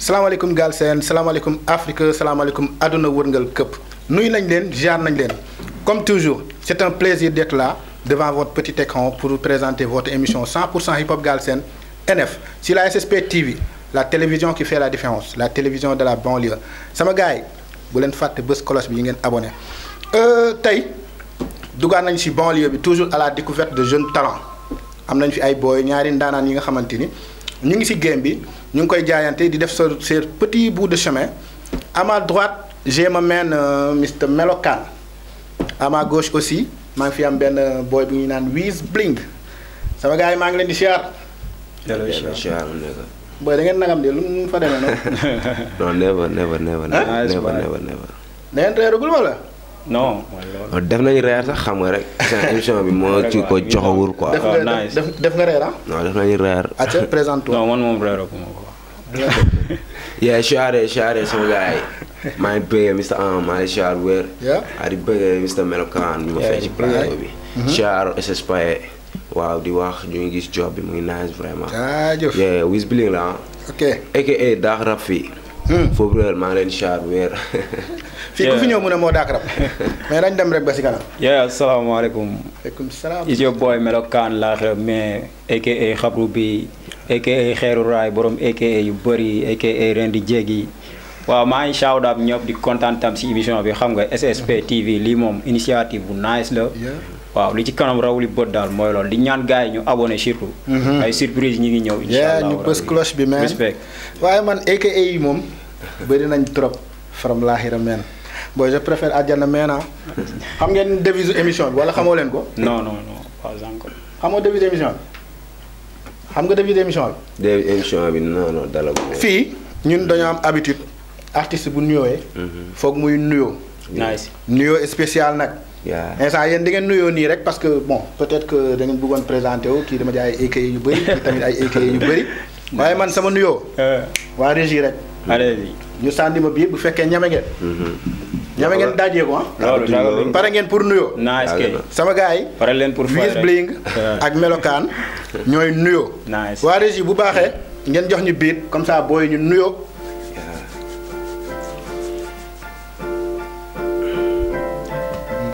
salaamaaleykum Galsen salaamaaleykum Afrique salaamaaleykum àdduna wërngal këpp nuyu nañ leen jaar nañ leen comme toujours c'est un plaisir d'être là devant votre petit écran pour vous présenter votre émission 100% hip hop Galsen NF sur la SSP TV la télévision qui fait la différence la télévision de la banlieue sama gars bu leen fàtte bés cloche bi yi ngeen abonné euh, tey dugaan nañ ci banlieue bi toujours à la découverte de jeune talents am nañ fi ay booy ñaari ndaanaan yi nga xamante ni. ñu ngi ci game bi ñu ngi koy jaayante di def sa seen petit bout de chemin ama ma droite j'ai ma main euh, Mr Melokaan à gauche aussi maa ngi fi am benn boy bu ñuy naan Wiz Bling sama gars yi maa ngi leen di siyaar. booy da ngeen nagam de lu mu fa demee noonu. non never never never ah, never ah, never never. da ngeen reerugul wala. non def nañ reer sax xam nga rek seen bi moo ci ko joxawul quoi. def nga def nga reer ah. non def nañ reer. Ah, présente non man moom reer ko moom quoi. yaa siyaare siyaare sama gars yi maa ngi bëggee Mr Am maa ngi siyaar wér. di bëggee Mr Melokaan bi ma fay ci plateau bi. siyaar mm-hmm. SS waaw di wax ñu ngi gis job bi mu ngi nice vraiment. jaajëf. Wiz Bling la ah. ok aka daax rap fii. Hmm. foofu réel maa ngi leen char weer. fii ku fi ñëw mu ne moo daak rab mais dañ dem rek ba si kanam. yaa asalaamaaleykum. waaleykum salaam. is your boy melokaan laa xew mais aka xabru bi aka xeeru raay borom aka yu bëri aka ren di jéegi waaw maa ngi shout out di kontaan tam si émission bi xam nga SSP hmm. TV lii moom initiative bu nice la. waaw li ci kanam raw li bët daal mooy loolu di ñaan gars yi ñu abonné surtout. Hmm. ay surprise ñi ngi ñëw. incha allah ñu bës cloche bi respect waaye man aka bëri nañ trop faram laaxira meen booy je préfère àjjana meena ah. xam ngeen devise émission bi wala xamoo leen ko. non non non pas encore. xamoo xam nga devise émission bi. devise émission bi fii ñun dañoo am habitude artiste bu nuyooyee. Mhm. foog muy nuyoo. nice nuyoo spécial nag. waaw instant yéen di ngeen nuyoo nii rek parce que bon peut-être que da ngeen bëggoon présenté wu kii dama jaay ay écueils yu bëri kii tamit ay écueils yu bëri waaye man sama nuyoo. Euh. waa régie rek. allez ñu sànni ma bii bu fekkee ñame ngeen. Mhm. ñame ngeen ah. pare ngeen pour nuyoo. nice kay sama gars yi. pare leen pour Wizz Bling ak melokaan ñooy nuyoo. nice waa régie bu baaxee ngeen jox ñu biir comme ça booy ñu nuyoo.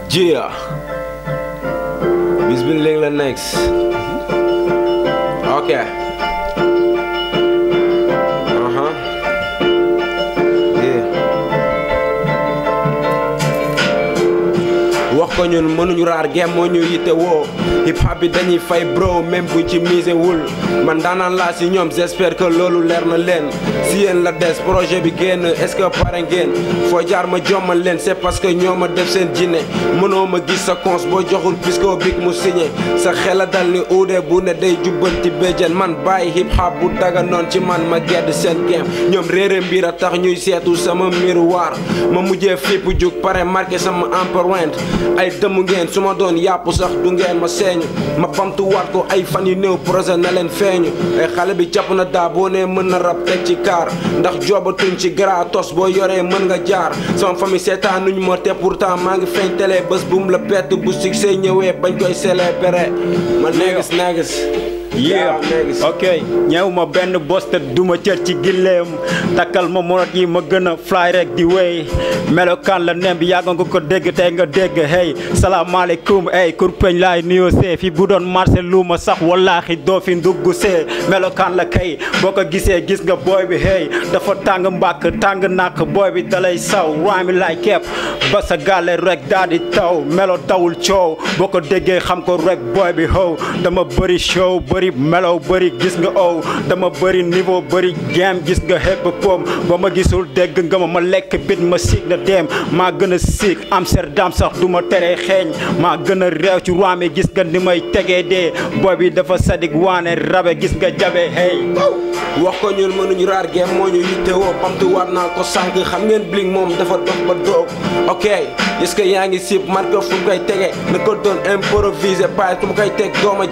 jiya Wizz Bling la next mhm. ko ñun mënuñu raar gem moo ñu yitte woo hip hop bi dañuy fay bro même buñ ci mise wul man daanaan laa si ñoom j'espère que loolu leer na leen si yéen la des projet bi génn est-ce que pare ngeen foo jaar ma jommal leen c'est parce que ñoo ma def seen jinne mënoo ma gis sa cons boo joxul puisque big mu signé sa xel a dal ni uude bu ne day jubbanti jeen man bàyyi hip hop bu daga ci man ma gedd seen game ñoom réere mbir a tax ñuy seetu sama miroir ma mujjee fipp jug pare marqué sama empreinte ay dëmm ngeen su ma doon yàpp sax du ngeen ma seeñu ma bamtuwaat ko ay fan yu néew projet na leen feeñu ay xale bi jàpp na daa boo nee mën na rab teg ci kaar ndax joobatuñ ci gara tos boo yoree mën nga jaar sama famille ñu ma te pourtant maa ngi feeñ télé bés bu mu la bett bu succès ñëwee bañ koy célébrer ma neegis neegis yeah ok ñëw ma benn boste duma cër ci gilleem takkal ma monot yi ma gën a fly rek di wéy melokaan la nem bi yàgg nga ko dégg tey nga dégg hey salaamaaleykum hey kurpeñ laay nuyoo see fi bu doon marché lu ma sax wallaaxi doo fi ndugg see melokaan la kay boo ko gisee gis nga booy bi hey dafa tàng mbàkk tàng nàkk booy bi dalay saw raami laay kepp ba sa gàlle rek daal di taw melo tawul coow boo ko déggee xam ko rek booy bi how dama bëri show bëri bëri melow bari gis nga ow dama bëri niveau bëri game gis nga xepp poom ba ma gisul dégg nga ma ma lekk bit ma siig na dem ma gën a siig Amsterdam sax du ma tere xeeñ ma gën a réew ci waame gis nga ni may tegee dee booy bi dafa sadik waane rabe gis nga jabe hey wax ko ñun mënuñu raar game moo ñu yittewoo pamtu war naa ko sànq xam ngeen bling moom dafa dox ba doog ok est-ce yaa ngi sib marque fu koy tege na ko doon improviser bàyyi ku ma koy teg dooma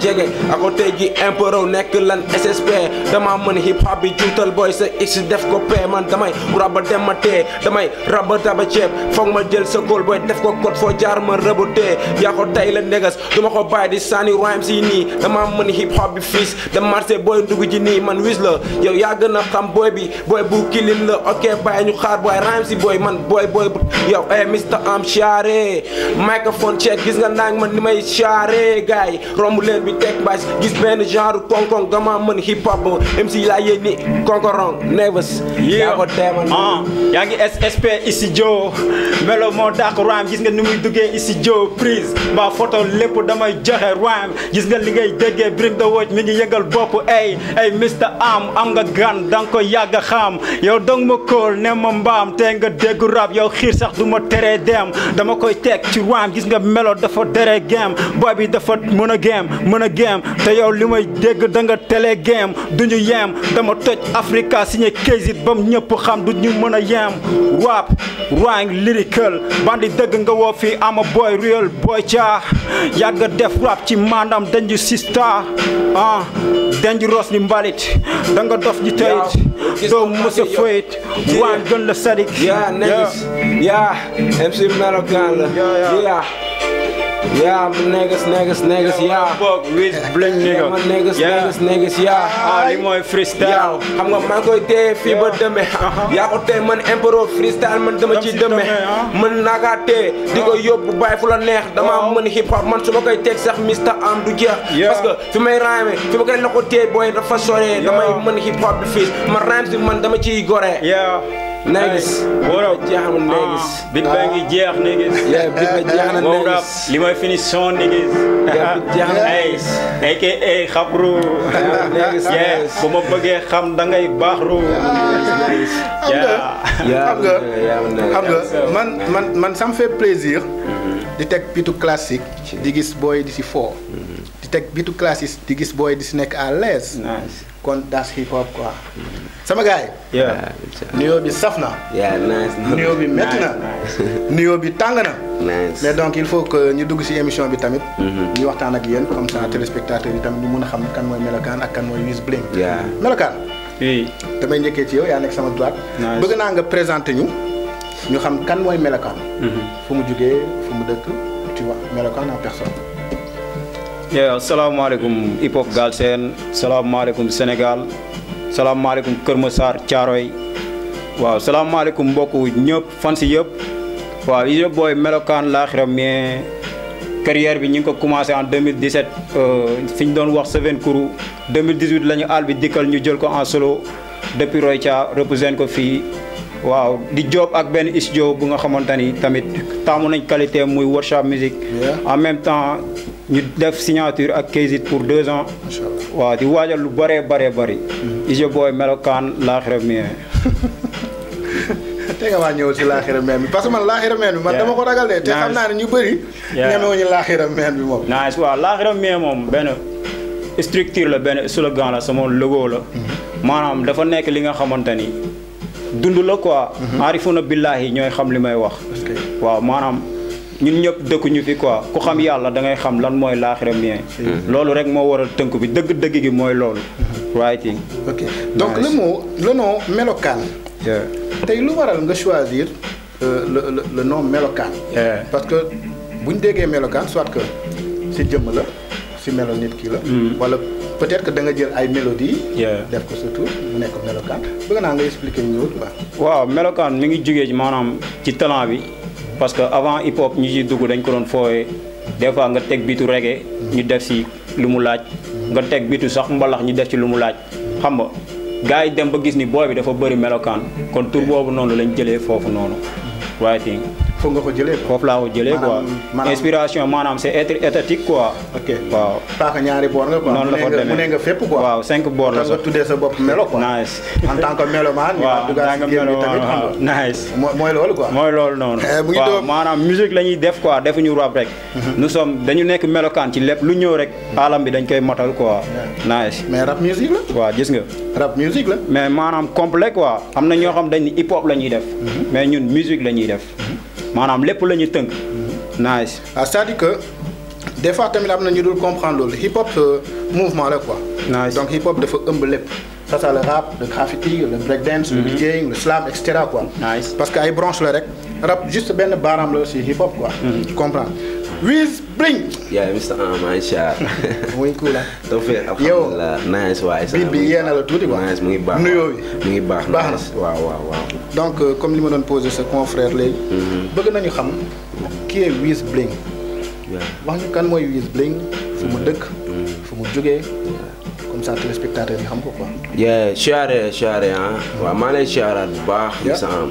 impro nekk lan SSP dama mën hip hop bi juutal booy sa def ko pe man damay raba dem ma tee damay raba daba ceeb ma jël sa góol booy def ko code foo jaar ma rëbu tee yaa ko tay la ndegas duma ko bàyyi di sànni rhymes yi nii dama mën hip hop bi fiis da marché booy dugg ji nii man wis la yow yaa gën a xam booy bi booy bu kilin la ok bàyyi ñu xaar booy rhymes yi booy man booy booy yow eh mister am charé microphone check gis nga naang man ni may charé gaay genre konkon gama mën hip hop si laa yéen ni konkorong nervous yaa ko teemal ah, yaa ngi SSP studio melo moo dàq rhyme gis nga ni muy duggee studio prise mbaa foto lépp damay joxe rhyme gis nga li ngay déggee bring the watch mi ngi yëngal bopp ay ay Mr Am am nga gan danga ko yàgg a xam yow dong ma kóol ne ma mbaam te nga déggu rab yow xiir sax du ma teree dem dama koy teg ci rhyme gis nga melo dafa dere game boy bi dafa mën a te yow li may dégg danga nga télé game du ñu yeem dama toj Africa signé Kaysit bam ñëpp xam du ñu mën a yeem rap rhyme lyrical bandi dëgg nga woo fii ama boy real boy caa yàgga def rap ci maanaam dañu sista ah dañu ros ni mbalit da dof ji tayit doo mës a gën la sadik yaa MC melokaan la Yeah, I'm a niggas, niggas, niggas, yeah. Fuck with bling nigga. I'm a niggas, niggas, niggas, yeah. Ah, li mooy nga maa koy téye fii ba demee. Uh-huh. yaa ko téye man impro freestyle man dama ci demee. Uh-huh. mën naa kaa téye di ko uh-huh. yóbbu bàyyi fu la neex. dama mën hip hop man su ma koy teg sax Mr Am du jeex. parce que fi may rhyme fi ma koy loxo téye booy dafa sore. damay mën hip hop bi fii ma rhyme si man dama ciy gore. Néegis wóoraw jeex na Néegis. Ah, bit baa ngi jeex Néegis. yaa bit ba jeex na Néegis li may finition Néegis. yaa bit jeex na Néegis. ay kay ay xabru. bu ma bëggee xam dangay ngay baaxru. xam nga xam nga man man man ça me mm-hmm. di teg pitu classique. di gis booy di si foo. Mm-hmm. teg bitu classes di gis booy di si nekk à l'aise kon das hip hop quoi sama gars yi nuyoo bi saf na nuyoo bi métti na nuyoo bi tàng na mais donc il faut que ñu dugg si émission bi tamit mm-hmm. ñu waxtaan ak yéen comme ça téléspectateurs yi tamit ñu mun a xam kan mooy melokaan ak kan mooy Wizz Bling melokaan damay njëkkee ci yow yaa nekk sama droite bëgg naa nga présenter ñu ñu xam kan mooy melokaan mm-hmm. fu mu jugee fu mu dëkk tu vois melokaan en personne yeah, salaamaaleykum hip hop Galsen salaamaaleykum Sénégal salaamaaleykum Kër Massar Thiaroy waaw salaamaaleykum mbokku ñëpp fans yëpp waaw yëpp Boy melokaan laaxiram mais carrière bi ñu ngi ko commencé en 2017 euh, fi ñu doon wax Sevenkourou 2018 la ñu àll bi dikkal ñu jël ko en solo ca Royca représenté ko fii waaw di job ak benn studio bu nga xamante ni tamit taamu nañ qualité muy workshop musique en même temps ñu def signature ak Kaysit pour deux ans. waaw di waajal lu bëree bëree bëri. Mm-hmm. Ijo booy melokaan laaxira mien. te nga maa ñëw si laaxira meen bi parce que man laaxira bi man dama ko ragal de. te xam naa ne ñu bari ñemewuñu laaxira meen bi moom. naa si waaw laaxira mien moom benn structure la benn slogan la sama logo la. Mm-hmm. maanaam dafa nekk li nga xamante ni dund la quoi. Mm-hmm. aarifuna billaahi ñooy xam li may wax. waaw maanaam. ñun ñëpp dëkkuñu fi quoi ku xam yàlla da ngay xam lan mooy laaxira bien hmm. loolu rek moo waral tënk bi dëgg dëgg gi mooy loolu hmm. writing ok donc le moo le melokaan tey lu waral nga choisir euh, le le nom melokaan parce que buñ déggee melokaan soit que si jëmm la si melo nit kii la hmm. wala peut-être que da nga jël ay mélodie def ko surtout mu nekk melokaan bëgg naa nga expliquer ñu ñëwut quoi waaw melokaan mi ngi jógee ci maanaam ci talent bi parce que avant hip hop ñu ciy dugg dañ ko doon fooyee des fois nga teg bitu reggae ñu def si lu mu laaj nga teg bitu sax mbalax ñu def ci lu mu laaj xam nga gars yi dem ba gis ni booy bi dafa bëri melokaan kon tur boobu noonu lañ jëlee foofu noonu waaye foofu nga ko jëlee. foofu laa ko jëlee quoi. maanaam inspiration maanaam c' est être étatique quoi. ok waaw. paaka ñaari boor nga quoi. noonu la fa demee mu ne fépp quoi. waaw cinq boor sa bopp melo quoi. nice tant que mélomane. waaw en mooy loolu mooy loolu noonu. bu eh, ñu waaw maanaam musique la ñuy def quoi defuñu rap rek. Mhm. nous sommes dañu nekk melokaan ci lépp lu ñëw rek. alam bi dañ koy matal quoi. nice mais rap musique la. gis nga. rap mais maanaam complet quoi am na ñoo xam dañ ni hip la ñuy def. Mhm. mais ñun musique la ñuy def. maanaam lépp la ñu tënk. nice ah, à dire que des fois tamit am na ñu dul comprendre loolu hip hop euh, mouvement la quoi. nice donc hip hop dafa ëmb lépp. ça c'est le rap le graffiti le breakdance. le DJing mhm. le slam et parce que ay branches la rek rap juste benn baaraam la si hip hop quoi. Mhm. tu Wiz Bling. yaa ngi Mr Ama Aïcha. muy Koula. doo fee alhamdulilah nice la tuuti quoi nice mu ngi baax nuyoo bi mu ngi baax. baax na waaw waaw waaw. donc euh, comme li ma doon posé sa confrère léegi. Mm-hmm. bëgg nañu xam qui est Wiz Bling. wax ñu kan mooy Wiz Bling. fu mu mm-hmm. dëkk. Mm-hmm. fu mu jógee. comme xam ko quoi. yee siyaare siyaare ah. waaw maa lay siyaaraat bu baax. Mr Ama.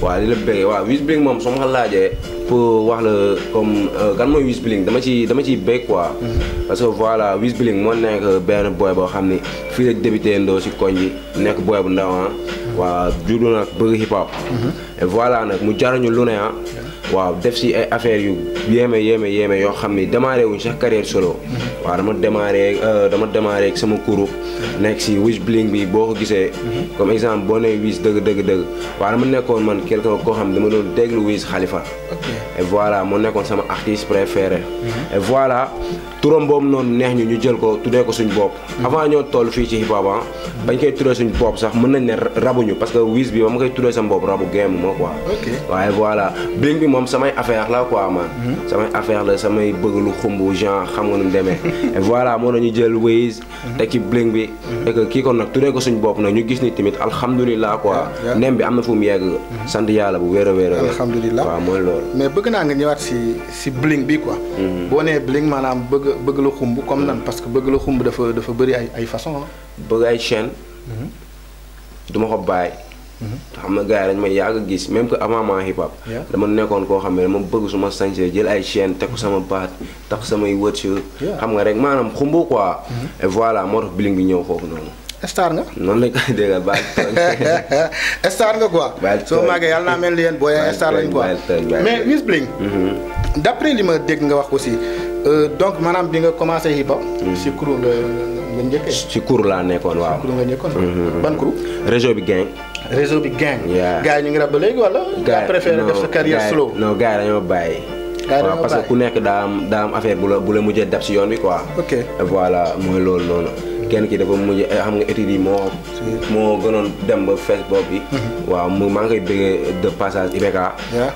waaw li la bëggee waaw Wiz moom soo ma ko laajee. pour wax la comme euh, kan mooy Wiz Bling dama ci dama ciy béy quoi. Mhm. parce que voilà Wiz Bling moo nekk benn boy boo xam ni fii la débuté ndoo si koñ bi nekk boy bu ndaw waa ah. mhm. waaw juddu nag bëgg hip hop. Mhm. et voilà nag mu jaruñu lu ne ah. waaw def si ay affaires yu yéeme yéeme yéeme yoo xam ni démarré wuñ sax carrière solo. waa dama démarré euh, dama démarré ak sama kuréel. nekk si Wiz Bling bi boo ko gisee. comme exemple boo nee Wiz dëgg dëgg dëgg. waaw dama nekkoon man quelque koo xam dama doon déglu Wiz Khalifa. et voilà mu nekkoon sama artiste préféré et voilà turam boobu noonu neex ñu ñu jël ko tuddee ko suñ bopp hmm. avant ñoo toll fii ci hip ah, bañ koy tuddee suñ bopp sax mën nañ ne rabuñu parce que Wiz bi ba ma koy tuddee sama bopp rabu game ma waaye voilà Bling bi moom samay affaire la quoi man hmm. samay affaire la samay bëgg lu xumb genre xam nga nu mu demee et voilà moo nañu jël Wiz hmm. te ki Bling bi et que kii kon nag tuddee ko suñ bopp nag ñu gis ni tamit alhamdulilah quoi nem bi am na fu mu yegg sant yàlla bu weer a wéer a alhamdulilah waaw mooy loolu mais bëgg naa nga ñëwaat si si Bling bi quoi bëgg la xumb comme nan parce que bëgg la xumb dafa dafa bëri ay façon bëgg ay chaine mm-hmm. duma ko bàyyi mm-hmm. xam na gars yi dañ may yàgg gis même que avant ma hip hop dama nekkoon koo xam ne dama bëgg suma sañsee jël ay chaîne teg sama baat tax samay wërsëg xam nga rek maanaam xumb quoi mm-hmm. et voilà moo tax biling bi ñëw foofu noonu star nga noonu lañ koy déggal bàyyi soo màggee yàlla naa mel ni yéen booy star lañ quoi mais Wizbling d'après li ma dégg nga wax aussi Euh, donc maanaam bi nga commencé hip mm. si crew nga nga njëkkee. laa nekkoon waaw. si crew nga nekkoon. Mm-hmm. ban réseau bi gang. réseau bi gang. waaw gars ñu ngi rab ba léegi wala. gars yi préféré def sa carrière slow. non gars dañoo bàyyi. waaw parce que ku nekk daa am daa am affaire bu la bu la mujjee dab si yoon bi quoi. ok voilà mooy loolu noonu. kenn ki dafa mujj eh, xam nga études yi moo moo gënoon dem ba fees bi mhm. waaw mu maa ngi koy bëggee de passage IBK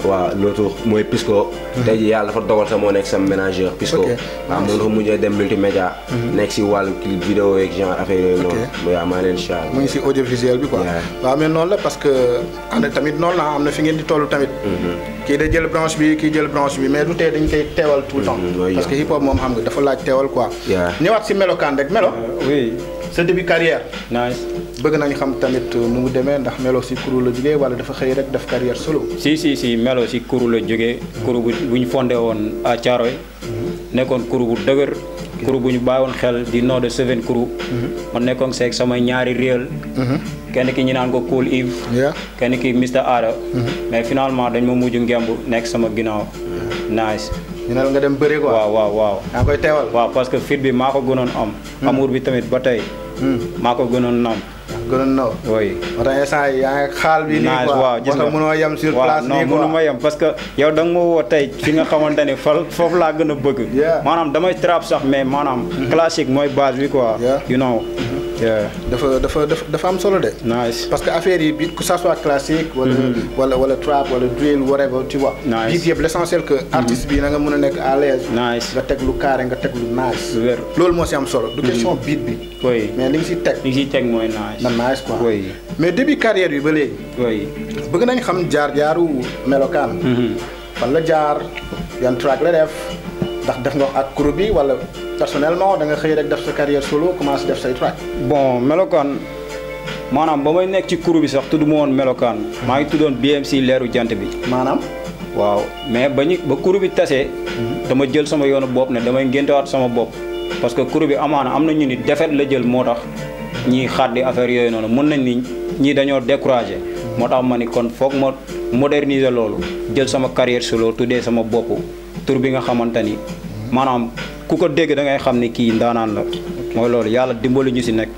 waaw loolu mooy Pisco mhm. tey ji yàlla dafa dogal sax moo nekk sama ménageur Pisco waaw moom dafa mujjee dem multimédia mhm. nekk si wàllu ki vidéo yeeg genre affaire yooyu noonu waaw maa leen charge mu ngi si audiovisuel bi quoi waaw mais noonu la parce que tamit noonu la am na fi ngeen di toll tamit kii da jël branche bi kii jël branche bi mais du tee dañ koy teewal tout le temps. parce que hip hop moom xam nga dafa laaj teewal quoi. ñëwaat si melokaan rek melo. Euh, oui sa début carrière. nice bëgg nañu xam tamit euh, nu mu demee ndax melo si kuru la jógee wala dafa xëy rek def carrière solo. si si si melo si kuru la jógee. kuru bu ñu fondee woon à Thiaroye mhm. nekkoon kuru bu dëgër. crew bu ñu bàyyiwoon xel di nom de Seven crew mhm. ma nekkoon seeg samay ñaari réel mhm. kenn ki ñu naan ko Cool Yves kenn ki Mr Ada mhm. mais finalement dañ ma mujj ngemb nekk sama ginnaaw nice ñu nga dem bëri quoi waaw waaw waaw parce que fit bi maa ko gënoon am amour bi tamit ba tey maa ko gënoon nam gënoon na. oui xaal bi. nii quoi waaw gis nga mënoo yem sur place. nii quoi non ma yem parce que yow da nga ma woo tey fi nga xamante ne fal foofu laa gën a bëgg. maanaam damay trap sax mais maanaam. Mm-hmm. classique mooy base bi quoi. you know dafa dafa dafa am solo de. parce que affaire yi bi que ça soit wala mm-hmm. wala wala trap wala drill whatever tu vois. nice yëpp l' essentiel que. Mm-hmm. artiste bi na nga mën a nekk à l'aise nga teg lu carré nga teg lu nice. loolu moo si am solo. du mm-hmm. question beat bi. mais li nga si teg. li nga si mooy nice. na nice quoi. mais début carrière bi ba léegi. bëgg nañ xam jaar jaaru melokaan. fan la jaar yan track la def ndax def nga ak crew bi wala. personnellement da nga xëy rek def sa carrière solo commencé def say track. bon melokaan maanaam ba may nekk ci crew bi sax tudd ma woon melokaan. maa ngi tuddoon BMC leeru jant bi. maanaam. waaw mais ba ñu ba crew bi tasee. Mhm. dama jël sama yoonu bopp ne damay ngéntewaat sama bopp. parce que crew bi amaana am na ñu ni defet la jël moo tax ñiy xàddi affaire yooyu noonu mën nañ ni ñii dañoo découragé. moo tax ma ni kon foog ma moderniser loolu jël sama carrière solo tuddee sama bopp tur bi nga xamante ni ku ko dégg da ngay xam ni kii ndaanaan la mooy loolu yàlla dimbali ñu si nekk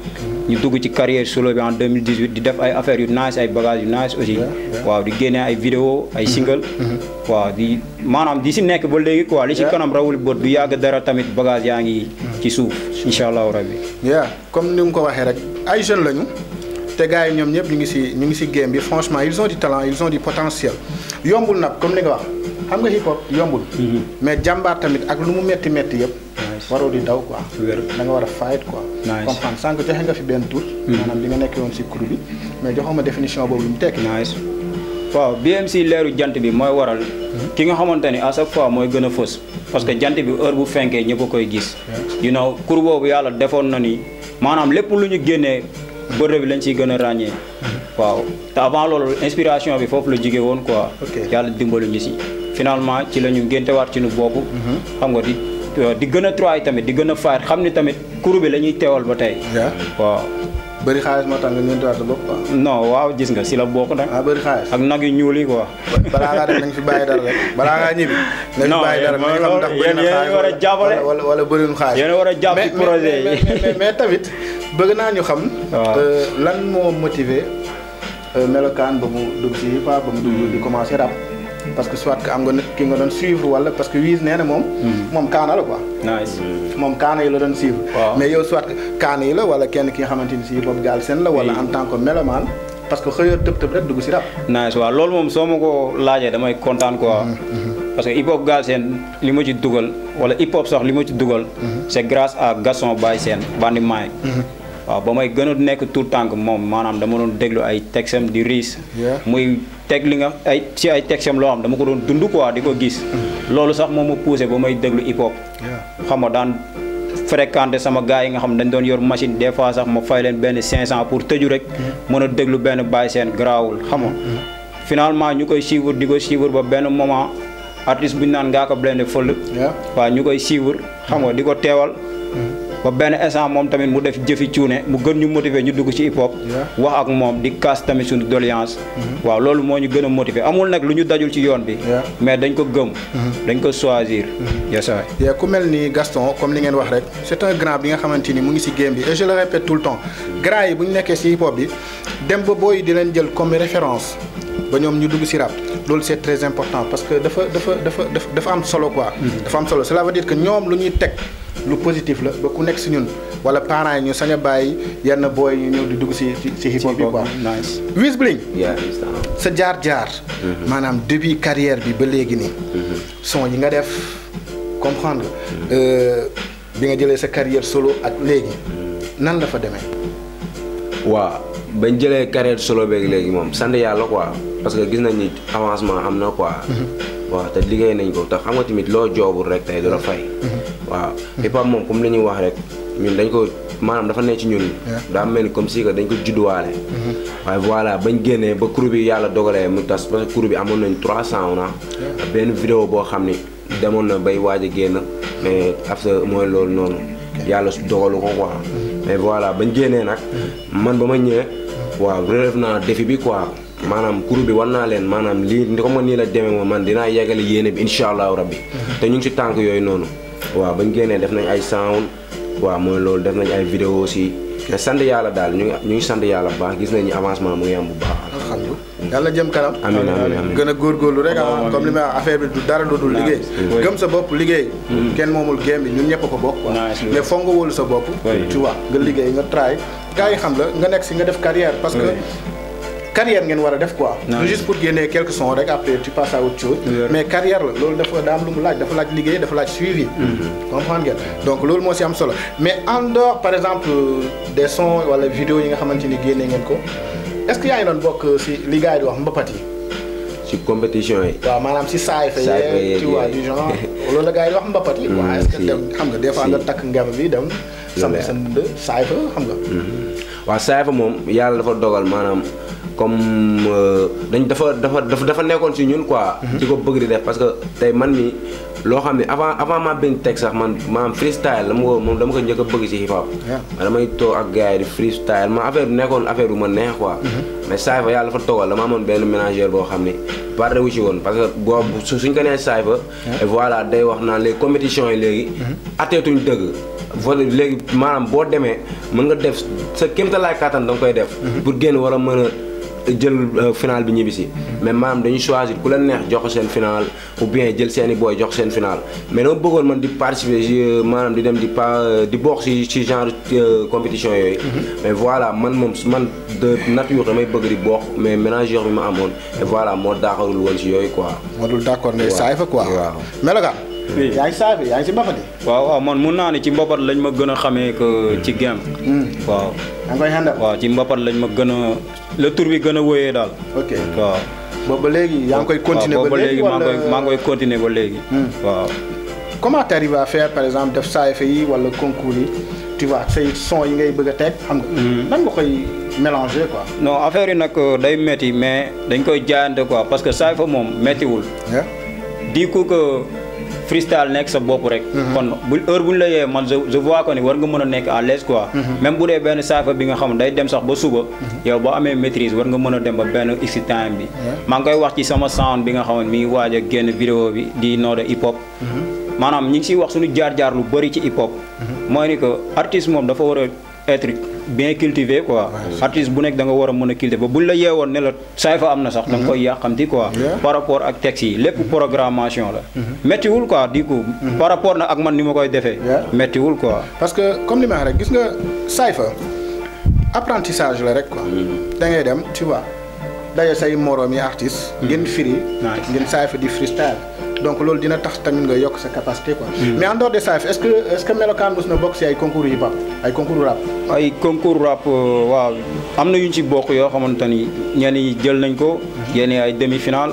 ñu dugg ci carrière solo bi en 2018 di def ay affaire yu nice ay bagages yu nice aussi waaw di génne ay vidéo ay mhm. single mhm. waaw di maanaam di si nekk ba léegi quoi li si kanam rawul bët du yàgg dara tamit bagage yaa ngi mhm. ci suuf incha allahu rabbi yaa comme ni nga ko waxee rek ay jeunes lañu te gars yi ñoom ñëpp ñu ngi si ñu ngi si game bi franchement ils ont di talent ils ont du potentiel yombul nag comme ni wax xam nga hip hop yombul. Mhm. mais jàmbaar tamit ak lu mu metti metti yëpp. waroo di daw quoi. da nga war a fight quoi. comprendre sànq joxe nga fi benn tour. Mhm. maanaam li nga nekkee woon si crew bi. mais joxoon ma définition boobu lu mu tekki. waaw BMC leeru jant bi mooy waral. Mhm. ki nga xamante ni à chaque fois mooy gën a fës. parce que jant bi heure bu fenkee ñëpp a koy gis. you know crew boobu yàlla defoon na ni maanaam lépp lu ñu génnee bërëb bi lañ ciy gën a ràññee. waaw te avant loolu inspiration bi foofu la jige woon quoi. yàlla dimbalu ñu si. finalement ci la ñu ngéntewaat ci nu boobu mhm. xam nga di euh, di gën a trois tamit di gën a faar xam ni tamit kuru bi la ñuy teewal ba tey. waaw. bëri xaalis moo tax nga ngéntewaat sa bopp quoi. waaw gis nga si la bokk nag. ah bëri xaalis ak yu ñuul yi quoi. balaa ngaa def nañ fi bàyyi dara rek balaa ngaa ñibbi. nañ fi bàyyi dara a jàppale wala wala bëriwul xaalis. yéen war a jàpp ci mais tamit bëgg naa ñu xam. Euh, lan moo motivé euh, melokaan ba mu dugg ci hip hop ba mu dugg di commencé parce que soit que am nga nit ki nga doon suivre wala parce que Wiz nee na moom. Mm-hmm. moom kaana la quoi. Mm-hmm. moom kaana yi la doon suivre. mais yow soit kaana yi la wala kenn ki nga xamante ni si boobu gaal seen la. wala en tant que mélomane. parce que xëyoo tëb tëb rek dugg si rap. nice waaw loolu moom soo ma ko laajee damay kontaan quoi. Mm-hmm. parce que hip hop gaal seen li ma ci dugal wala hip hop sax li ma ci dugal. c'est grace à Gaston Baye seen Bandit May. waaw ba may gën a nekk tout tànk moom maanaam dama doon déglu ay texam di riis muy teg li nga ay ci ay texam loo xam dama ko doon dund quoi di ko gis mm. loolu sax moom ma poussé ba may déglu hip hop xam nga daan fréquenté sama gars yi nga xam dañ doon yor machine des fois sax ma fay leen benn cinq cent pour tëju rek mm. mën a déglu benn bàyyi seen garaawul xam nga mm. finalement ñu koy suivre di ko suivre ba benn moment artiste bu ñu naan ngaa ko blende fël waaw ñu koy suivre xam nga di ko teewal ba benn instant moom tamit mu def jëfi cuune mu gën ñu motiver ñu dugg ci hip hop. wax ak moom di kaas tamit suñu doléance. Mm-hmm. waaw loolu moo ñu gën a motiver amul nag lu ñu dajul ci yoon bi. mais dañ ko gëm. Mm-hmm. dañ ko choisir. Mm-hmm. yasaay. ku mel ni Gaston comme li ngeen wax rek c'est un grand bi nga xamante ni mu ngi si game bi et je le répète tout le ñu nekkee si hip bi dem ba booy di leen jël comme référence. ba ñoom ñu dugg ci rap loolu c'est très important parce que dafa dafa dafa dafa am solo quoi. dafa am solo cela veut dire que ñoom lu ñuy teg. lu positif la ba ku nekk si ñun wala parents yi ñu sañ a bàyyi yenn booy ñu ñëw di dugg si si hip hop bi quoi. Wiz Bling sa jaar jaar. Mm-hmm. maanaam début carrière bi ba léegi nii. Mm-hmm. son yi nga def comprendre mm-hmm. euh, bi nga jëlee sa carrière solo ak léegi nan la fa demee. waaw bañ jëlee carrière solo beeg léegi moom sant yàlla quoi parce que gis nañ ni avancement am na quoi. waaw te liggéey nañ ko te xam nga tamit loo joobul rek tey du la fay. waaw hip hop moom comme li ñuy wax rek ñun dañ ko maanaam dafa ne ci ñun daa mel ni comme si que dañ ko judduwaale mm-hmm. waaye voilà bañ génnee ba crew bi yàlla dogalee mu tas parce que crew bi amoon nañ trois cent na ah. benn vidéo boo xam ni demoon na bay waaj a génn mais after mooy loolu noonu yàlla dogalu ko quoi mm-hmm. mais voilà bañ génnee nag mm-hmm. man ba ma ñëwee waaw relève naa défi bi quoi maanaam kuréel bi war naa leen maanaam lii ni ko ma nii la demee moom man dinaa yeggale yéene bi incha allahu rabbi te ñu ngi si tànk yooyu noonu waaw bañ génnee def nañ ay sound waaw mooy loolu def nañ ay vidéo aussi te sant yàlla daal ñu ngi ñu ngi sant yàlla bu baax gis nañu avancement mu ngi am bu baax. alhamdulilah yàlla jëm kanam. amiin amiin gën a góorgóorlu rek ah comme li ma affaire bi du dara dootul liggéey. gëm sa bopp liggéey. Hmm. kenn moomul game bi ñu ñëpp ko bokk. mais foog nga wóolu sa bopp. tu vois nga liggéey nga try gars yi xam la nga nekk si nga def carrière parce que. carrière ngeen war a def ko du juste pour génnee quelques sons rek après tu passes à autre chose. mais carrière la loolu dafa daa am lu mu laaj dafa laaj liggéey dafa laaj suivi. Mhm. comprendre moo si am solo mais en dehors exemple des sons wala vidéo yi nga xamante ni génne ngeen ko est-ce que yaa ngi bokk si li yi wax mbapat yi. ci compétition yi. waaw maanaam si saa yi. saa yi tu loolu la gars yi di wax mbapat yi. waaw mm, nga des fois nga takk ngem bi dem. samp sa ndënd saa xam nga. Mhm. waaw saa yi moom yàlla dafa dogal maanaam. comme euh, dañ dafa dafa dafa nekkoon si ñun quoi. bu mhm. ko bëgg di def parce que tey man mi loo xam ne avant avant ma bind teg sax man maam freestyle la ma ko moom dama ko njëkk a bëgg si hip hop. waaw damay toog ak gars yi di freestyle ma affaire bi nekkoon affaire bu ma neex quoi. Mhm. mais saay fa yàlla dafa toogal dama amoon benn ménagère boo xam ni paré wu si woon parce que boobu suñ ko nee saay fa. voilà day wax naa les compétitions yi léegi. Mhm. atteetuñ dëgg. voilà léegi maanaam boo demee mën nga def sa kéemtalaay kattan da koy def. pour génn wala mën a. jël euh, final bi ñibbisi mais maam dañu choisir ku leen neex jox seen final ou bien jël seeni booy jox seen final mais dama bëggoon man di participer maanaam di dem di pa euh, di bokk si si genre euh, compétition yooyu mhm. mais voilà man moom man de nature damay bëgg di bokk mais ménageur bi ma amoon et voilà moo daaxarul woon si yooyu quoi moo dul d'accord ne saay fa quoi yaa ngi saafe yaa ngi si mbapat yi. waaw man mun naa ne ci mbapat lañ ma gën a xamee que ci game. Hmm. waaw. da nga koy waaw ci mbapat lañ ma gën a la tur bi gën a wóyee daal. waaw. boobu ba léegi yaa ngi koy continuer ba léegi wala maa ngi koy continuer ba léegi. Hmm. waaw. comment tu arrives à par exemple def saafe yi wala concours yi tu vois say son yi ngay bëgg a teg xam nga. Hmm. nan koy mélanger quoi. non affaire yi nag euh, day métti mais dañ koy jaayante quoi parce que saafe moom méttiwul. di ko freestyle nekk sa bopp rek. Mhm. kon bu heure bu ñu la yee man je ni war nga mën a nekk à l'aise quoi. Mhm. même bu dee benn saafa bi nga xam day dem sax ba suba. Mhm. yow boo amee maîtrise war nga mën a dem ba benn x bi. maa koy wax ci sama sound bi nga xam mi ngi a génn vidéo bi di Nooda hip hop. maanaam ñi ngi wax suñu jaar-jaar lu bëri ci hip hop. mooy ni que moom dafa war a être bien cultivé quoi artiste bu nekk da nga war a mën a cultivé ba buñ la yeewoon ne saay fa am na sax da mhm. koy yàqamti quoi par rapport ak texte lépp mhm. programmation la méttiwul mhm. quoi du coup par rapport nag ak man ni ma koy defee méttiwul quoi parce que comme li ma wax rek gis nga saay fa apprentissage la rek quoi da ngay dem tu vois say moroom yi ngeen firi ngeen saay fa di freestyle donc loolu dina tax tamit nga yokk sa capacité quoi. Hmm. mais en dehors de ça est-ce que est-ce que melokaan mos na bokk si ay ay concours rap. ay euh, am na yu ñu ci bokk yoo xamante ni ñenn jël nañ ko. Hmm. yenn ay demi-finale.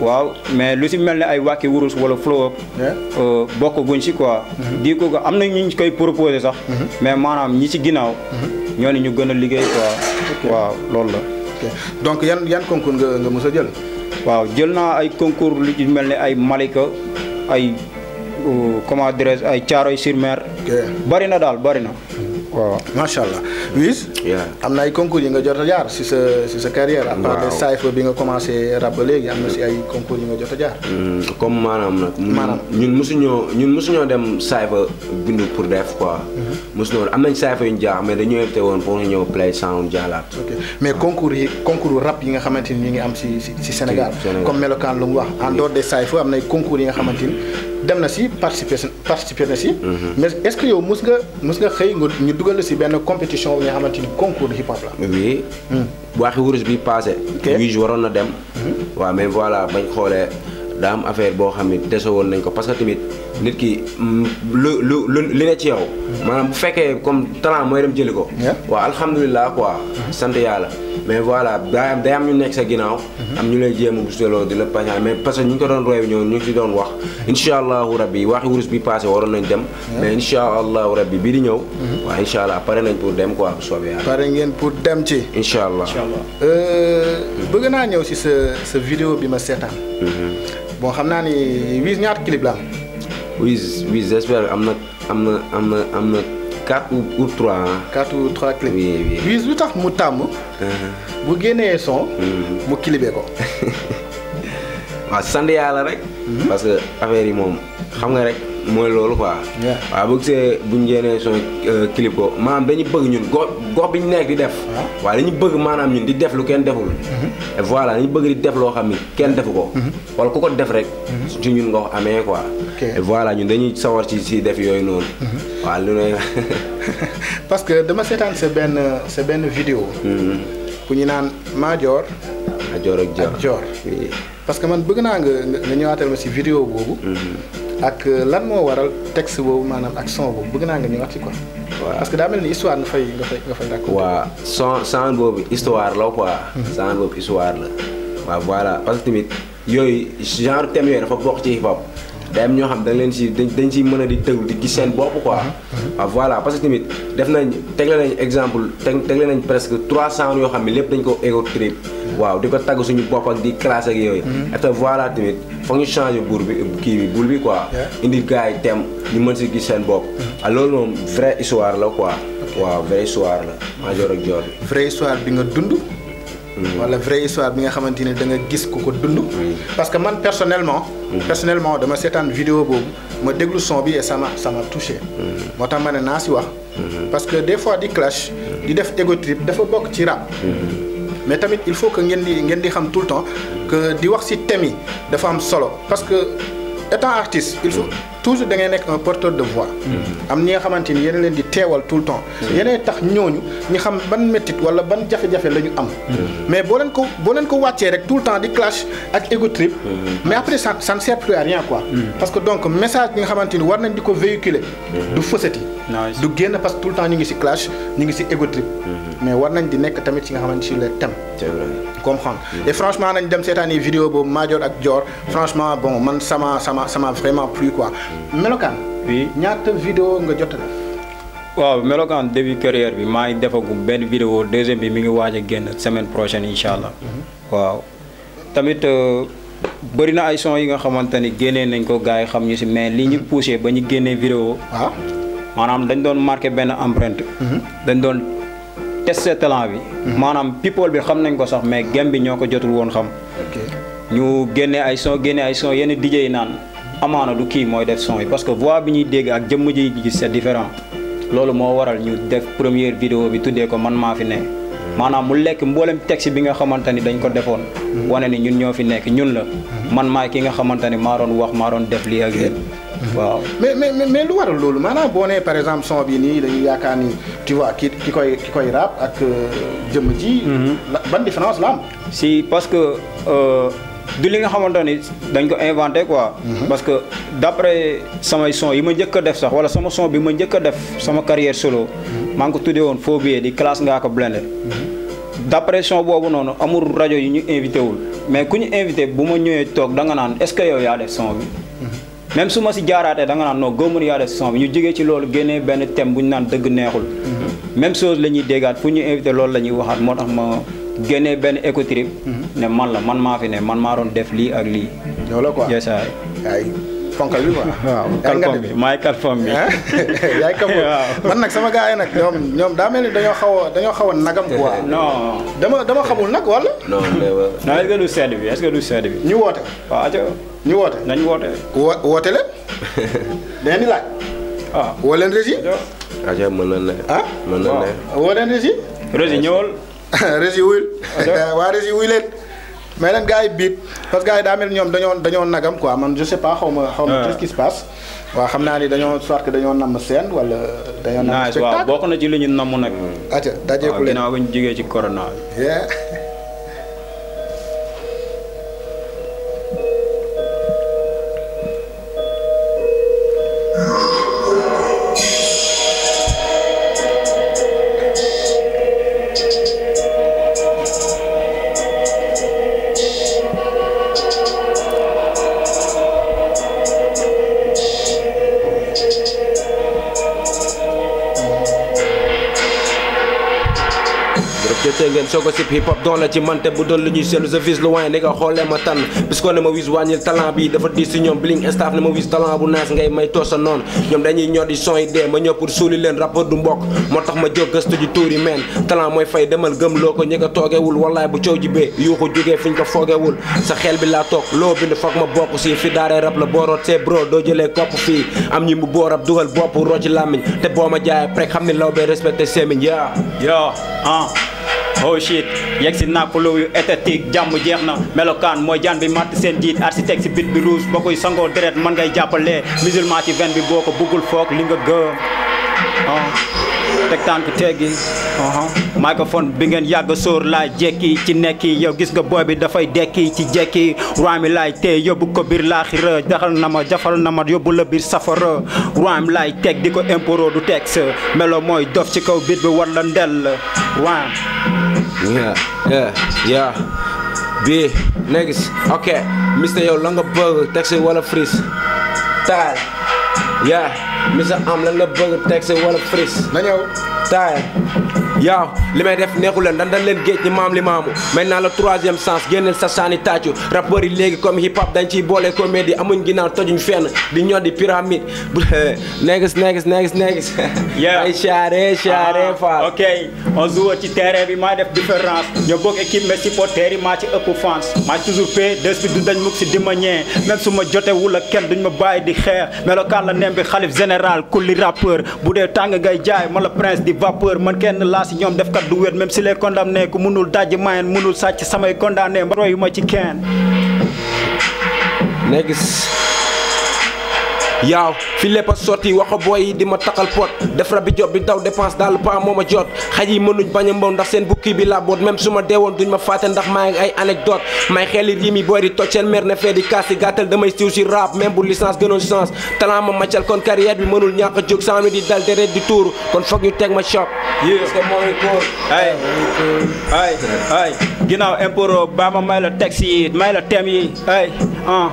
waaw mais lu si mel ni ay wàkki wurus wala flow up euh, bokk guñ si quoi. Hmm. di ko am na ñu koy proposé sax. mais maanaam ñi ci ginnaaw. ñoo ne ñu gën a liggéey quoi. waaw loolu la. donc yan yan concours nga nga a jël. waaw jël naa ay concours lu ci mel ne ay Malika ay euh, comment dirais ay caaro sur Mer. bari na daal bari na. waaw macha allah. Wiz. am na ay concours yi nga jot a jaar si sa sa carrière. waaw à part des bi nga commencé rap ba léegi am na si ay concours yi nga jot a jaar. Mm, comme maanaam maanaam ñun mosuñoo ñun mosuñoo dem cypher bindu pour def quoi. Mm-hmm. mosuñoo am nañ cypher yu ñu jaar mais dañu invité woon pour ñu ñëw play mais concours yi concours rap yi nga xamante ni ñu ngi am si si Sénégal. comme melokaan lu mu wax en dehors des cypher am na ay concours yi nga xamante ni dem na si participer participer na si. Mhm. mais est-ce que yow mos nga mos nga xëy nga ñu dugal la si benn compétition bi nga xamante ni concours de hip hop la. oui. Hmm. waaxi wurus bi passé. ok waroon na dem. Hmm. waa mais voilà bañ xoolee daam am boo xam ne dese woon nañ ko parce que tamit. nit ki mm, lu lu lu li ne ci yow. maanaam bu fekkee comme talent mooy dem jëli ko. waaw alhamdulilah quoi. Mm-hmm. sant yàlla mais voilà daa day am ñu nekk sa ginnaaw. Mm-hmm. am ñu lay jéem a busteloo di la pañaay mais parce que ñu ngi ko doon roy ñoom ñu ngi si doon wax. Mm-hmm. incha allahu rabbi waxi wurus bi passé waroon nañ dem. mais incha allahu rabbi bii di ñëw. waaw incha allah pare nañ pour dem quoi bu soobee yàlla. pare ngeen pour dem ci. incha allah incha allah. Euh, bëgg naa ñëw si sa sa vidéo bi ma seetaan. bon xam naa ni Wiz ñaata clip la am oui oui j'espère am na am na am na am na quatre ou trois ah. quatre ou trois clips. oui oui Wiz lu tax mu tàmm. Uh-huh. bu génnee son. Mm-hmm. mu kilibee ko. waaw sant yàlla rek. Mm-hmm. parce que affaire yi moom xam nga rek. mooy loolu quoi. waaw bu gisee buñ génnee son euh, clip ko maanaam dañu bëgg ñun gox gox bi ñu nekk di def. Ah. waaw dañu bëgg maanaam ñun di def lu kenn deful. Mm-hmm. et voilà dañu bëgg di def loo xam ni kenn defu ko. Mm-hmm. wala ku ko def rek. Mm-hmm. ci ñun nga ko amee ko et voilà ñun dañuy sawar ci si def yooyu noonu. waa lu ne parce que dama seetaan sa benn sa benn vidéo. bu ñu naan Madior. Madior ak Dior ak parce que man bëgg naa nga nga ñëwaatal ma si vidéo boobu. ak lan moo waral texte boobu maanaam ak son bug naa nga ñëwaat ci quoi. waaw parce que daa mel ni histoire nga fay nga fay nga fay raconté. waaw son boobu histoire la quoi. Mhm. son boobu histoire la. waaw voilà parce que tamit yooyu genre thème yooyu dafa bokk ci hip hop. day am ñoo xam da leen si dañ siy mën a di tëw di gis seen bopp quoi. Mhm. Ah, voilà parce que tamit def nañ tegle nañ exemple tegle nañ presque trois cent yoo xam ne lépp dañ ko égo trip waaw di ko tagg suñu bopp ak di classe ak yooyu. Mhm. et voilà tamit foog ñu changer buur bi kii bi buur bi quoi. indi gars yi ñu mën si gis seen bopp. Mhm. ah loolu moom vraie histoire la quoi. waaw vraie histoire la. Madior ak Dior. vraie histoire bi nga dund. wala vraie histoire bi nga xamante ne da nga gis ku ko dund. parce que man personnellement. personnellement dama seetaan vidéo boobu ma déglu son bi et sama m'a ça moo tax ma ne naa si wax. Mhm. parce que des fois di clash. Mhm. di def ego dafa bokk ci rap. Mhm. mais tamit il faut que ngeen di ngeen di xam tout le temps que di wax si temi dafa am solo parce que étant artiste il faut. toujours da ngay nekk un porteur de voix. Mm-hmm. am ñi nga xamante ni yéen leen di teewal tout le temps. Mm-hmm. yéen tax ñooñu ñu xam ban métit wala ban jafe-jafe la ñu am. Mm-hmm. mais boo leen ko boo leen ko wàccee rek tout le temps di clash ak ego trip. mais après ça ça plus à rien parce que donc message bi nga xamante ni war nañ di ko véhiculer. du fësati. du génn parce que tout le temps ñu ngi ci clash ñu ngi ci ego trip. mais war nañ di nekk tamit ci nga xamante ci le thème. comprendre et franchement nañ dem seetaani vidéo boobu Madior ak Dior franchement bon man sama sama sama vraiment plus quoi. melokaan. oui ñaata video nga jot a waaw melokaan début carrière bi maa ngi defagum benn vidéo deuxième bi mi ngi waaj a génn semaine prochaine incha allah. Mhm. waaw tamit euh, bëri na ay son yi nga xamante ni génnee nañ ko gars yi xam ñu si mais li ñu mhm. poussé ba ñu génnee vidéo. waaw ah. maanaam dañ doon marqué benn empreinte. Mhm. dañ doon testé talent bi. maanaam people bi xam nañ ko sax mais game bi ñoo ko jotul woon xam. ñu génne ay son génne ay son yenn DJ yi naan. amaana du kii mooy def son yi parce que voix bi ñuy dégg ak jëmm ji gis c'est différent loolu moo waral ñu def première vidéo bi tuddee ko man maa fi ne maanaam mu lekk mboolem texte bi nga xamante ni dañ ko defoon wane ni ñun ñoo fi nekk ñun la man maay ki nga xamante ni maa doon wax maa doon def lii ak lii waaw mais lu waral loolu maanaam boo nee par exemple son bi nii dañuy yaakaar ni tu vois ki ki koy ki koy rap ak euh, jëmm ji mm-hmm. ban différence la si parce que euh, du li nga xamante ni dañ ko inventé ko mhm. parce que d' après samay son yi ma njëkk a def sax wala sama son bi ma njëkk a def sama carrière solo. Mhm. maa ngi ko tuddee woon foo biyee di classe ngaa ko blindé. Mhm. d' après son boobu noonu amul rajo yi ñu invité wul mais ku ñu invité bu ma ñëwee toog da nga naan est ce que yow yaa def son bi. même su ma si jaaraatee da nga naan non góobamu yaa def son bi ñu jigee ci loolu génnee benn thème bu ñu naan dëgg neexul. même chose la ñuy déggaat fu ñu invité loolu la ñuy waxaat moo tax ma. génnee benn écotrip mhm. ne man la man maa fi ne man maa doon def lii ak lii. loolu la quoi yeesaay. ay fonkal bi quoi. waaw kalfom bi maay kalfom bi. yaay kalfom man nag sama gars yi nag ñoom daa mel ni dañoo xaw dañoo xaw a nagam quoi. non dama dama xamul nag wala. non non est-ce que du sedd bi est du sedd bi. ñu woote. waa ati ñu woote. nañu woote. wo woote leen. dañ laaj. waaw ah. woo leen régie. rajo mën na ne. ah mën na ne. woo leen Régis wuyul waa Régis wuy leen mais nag gaa yi biip parce que gars yi daa mel ñoom dañoo dañoo nagam quoi man je sais pas xaw ma xaw ma ah. qu'est-ce qui xam naa ni dañoo soit que dañoo namm seen wala dañoo namm spectacle waaw bokk na ci li ñu namm nag aca dajeeku leen ginnaaw bi ñu jigee ci corona Sogosip hip hop doon la ci man te bu doon lu ñuy seetlu sa vis lu waaye ni nga a ma tànn bis ko ne ma wis wàññil talent bi dafa diis si ñoom bling staff ne ma wis talent bu naas ngay may toosa noonu ñoom dañuy ñor son yi dee ma ñëw pour suuli leen rapport du mbokk moo tax ma jóg gëstu ji tuuri meen talent mooy fay demal gëm loo ko ñi ko toogewul wallaay bu coow ji yuuxu jógee fi ko foogewul sa xel bi laa toog loo bind foog ma bokk si fi daaree rab la booroot see bro doo jëlee kopp fii am ñi mu boorab dugal bopp rocci làmmiñ te boo ma jaayee prek xam ni law bee respecté seemiñ yaa yaa ah oh shit yegg si naa flow yu jàmm jeex na melokaan mooy jaan bi matt seen jiit architecte si bit bi rouge boo koy sangoo deret man ngay jàppale musulman ci veine bi boo ko buggul foog li nga gëm oh. teg tànk teggi uh-huh. microphone bi ngeen yàgg sóor laay jekki ci nekki yow gis nga booy bi dafay dekki ci jekki roi mi laay yóbbu ko biir laaxira jaxal na ma jafal na ma yóbbu la biir safara roi mi teg di ko imporo du texte melo mooy dof ci kaw biir bi war la ndell waa yaa bii next ok mister yow la nga bëgg texte wala freeze taal yaa mi sa am la nga bëgg teg si wala fris. ñëw taaya. yaaw li may def neexu leen dan dañ leen géej ni maam li maamu maintenant le troisième sens génneel sa saani tàccu rappeurs yi léegi comme hip hop dañ ciy boole comédie amuñ ginnaaw tojuñ fenn di ñor di pyramide neegis neegis neegis neegis ay charé charé ah, Fall ok on joue ci terrain bi maa def différence ñoo bokk équipe mais supporters yi maa ci ëpp fans maa ci toujours pay des bi dañ mukk si di ma ñee même su ma jotewul ak kenn duñ ma bàyyi di melo melokaan la nem bi xalif général kulli bu dee tàng ngay jaay man ñoom def kat du wér même si les condamné ku mënul daj mayen mënul sàcc samay condamné mba royu ma ci kenn. léegi. yaaw fi lépp a sotti waxa booy yi di ma taqal pot def rabi job bi daw dépense daal paa moo ma jot xaj yi mënuñ bañ a mbaw ndax seen bukki bi laa boot même su ma deewoon duñ ma fàtte ndax maa ngi ay anecdote may xeeli riim yi booy di toj seen mer ne fee di kaas yi gàttal damay siiw si rap même bu licence gënoon chance talent ma maccal kon carrière bi mënul ñàkk a jóg sans mi di dal deret di tuuru kon foog ñu teg ma choc yi parce que moo ngi ay ay ay baa ma may la texte yi may la thème yi ay ah,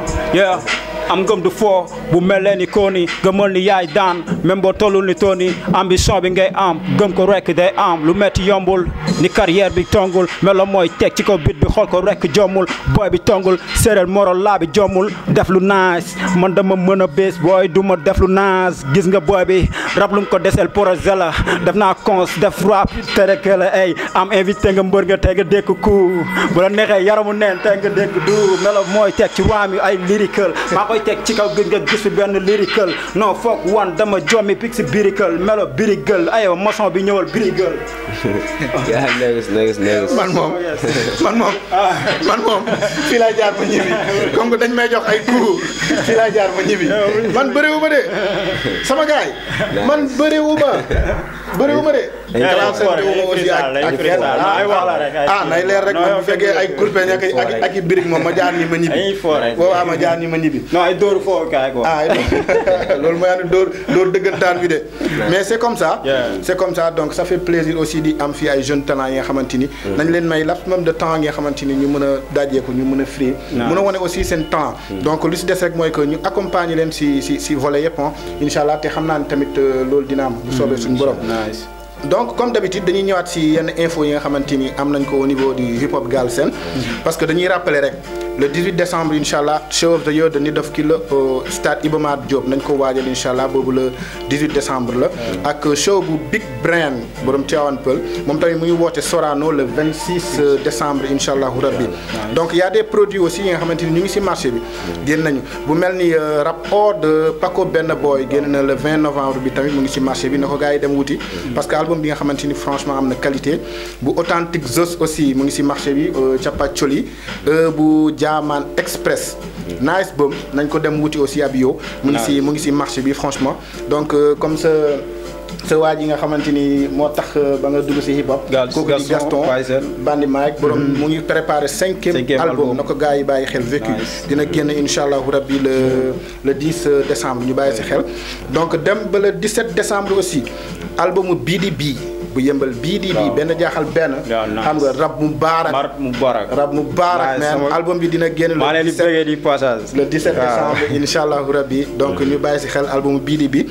am ngëm du foo bu mel ni kooni gëmal ni yaay daan même boo tollul ni tooni ambition bi ngay am gëm ko rekk day am lu metti yombul ni carrière bi tongul melo mooy teg ci ko bit bi xool ko rekk jommul booy bi tongul séeréer moro laa bi jommul def lu naas man da ma mën a bés booy du ma def lu naas gis nga booy bi rab lu ko desel projet la def naa cons def rap tereke la ay am invité nga mbër nga tey nga dékk ku bu la neexee yaramu neen tey nga du melo mooy teg ci waam yi ay koy ci kaw gis nga gis fi benn lyrical non foog wan dama jommi pig si birical melo birigal ayo moson bi ñëwal birigal yaa negus negus negus man moom man moom man moom fii laa jaar ma ñibbi comme que dañ may jox ay cours fii laa jaar ma ñibbi man bëriwu ma de sama gaay man bëriwu ma bëriwu ma de. ah nay leer rek man bu fekkee ay kurpeñ ak ak i birig moom ma jaar ni ma ñibbi. dañuy fo rek ma jaar ni ma ñibbi. non ay dóor foofu kaay quoi. ah loolu mooy ànd dóor dóor dëggantaan bi de. mais c' est comme ça. c' est comme ça donc ça fait plaisir aussi di am fi ay jeune talents yi nga xamante ni. Mm. nañ leen may laps même de temps yi nga xamante ni ñu mën a dajeeku ñu mën a free. mën a wane aussi seen temps. Mm. donc lu si des rek mooy que ñu accompagner leen si si si volet yëpp ah. incha xam naa ne tamit euh, loolu dina am. bu soobee mm, nice. donc comme d'habitude dañuy ñëwaat ci yenn info yi nga xamante ni am nañ ko au niveau du hip hop Galsen parce que dañuy rappeler rek le 18 décembre incha allah show of the year dañuy def nañ ko waajal incha allah boobu le 18 décembre la. ak show bu Big Brain borom Tiawan Pël moom tamit mu ngi woote Sorano le 26 décembre incha allah rabbi donc y a des produits aussi yi nga xamante ni ñu ngi ci marché bi. génn nañu bu mel ni euh, rap or de Paco Benn Boy génn na le 20 novembre bi tamit mu ngi ci marché bi na ko gars yi dem wuti parce que album bi nga xamante ni franchement am na qualité bu authentique Zos aussi mu ngi si marché bi euh, Chapacholi euh, bu Jaamaan Express. nice bom nañ ko dem wuti aussi ab yo mu ngi si mu marché bi franchement donc euh, comme ça sa waa yi nga xamante ni moo tax euh, ba nga dugg si hip hop. kooku di Gaston Bandi Mike mm-hmm. borom mu ngi préparé cinquième album na ko gars yi bàyyi xel vécu dina génn incha allahu rabbi le le 10 euh, décembre ñu bàyyi si xel donc dem ba le 17 décembre aussi albumu bii di bii bu yëmbal bii di bii benn jaaxal benn xam nga rab mu baarak mu baarak rab mu baarak mais album bi dina génn le 17 di passage le 17 décembre insha allahu rabbi donc ñu hmm. bàyyi si xel album bii di bi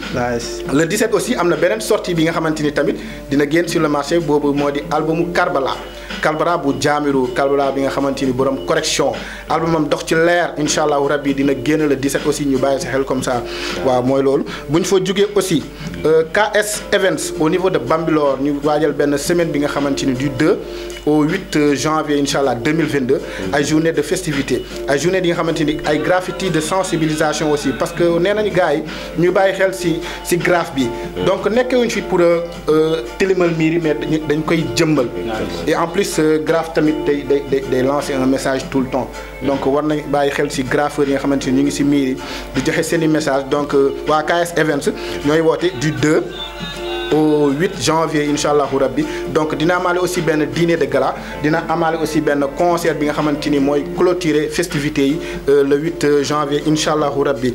le 17 aussi am na beneen sortie bi nga xamante ni tamit dina génn sur le marché boobu moo di albumu Karbala kalbara bu jaamiru kalbara bi nga xamante ni borom correction albumam ndox ci leer incha allahu rabbi dina génn le 17 aussi ñu bàyyi si xel comme ça waa mooy loolu bu ñu fa jógee aussi euh, KS Events au niveau de Bambilor ñu waajal benn semaine bi nga xamante ni du 2 au 8 janvier incha allah 2022 ay journée de festivité ay journée yi nga xamante ni ay graffiti de sensibilisation aussi parce que nee nañu gars ñu bàyyi xel si si graphe bi mm. donc nekkewuñ fi pour euh, euh, tilimal miir yi mais dañ koy jëmmal et plus euh, graphe tamit day day day day lancer un message tout le temps donc war nañ bàyyi xel ci graffeurs yi nga xamante ni ñu ngi ci miir di joxe seeni message donc euh, waa KS Events ñooy woote du 2 au 8 janvier incha allahu rabbi donc dina amaale aussi benn dîner de gala dina amaale aussi benn concert bi nga xamante ni mooy clôturer festivités yi euh, le 8 janvier incha allahu rabbi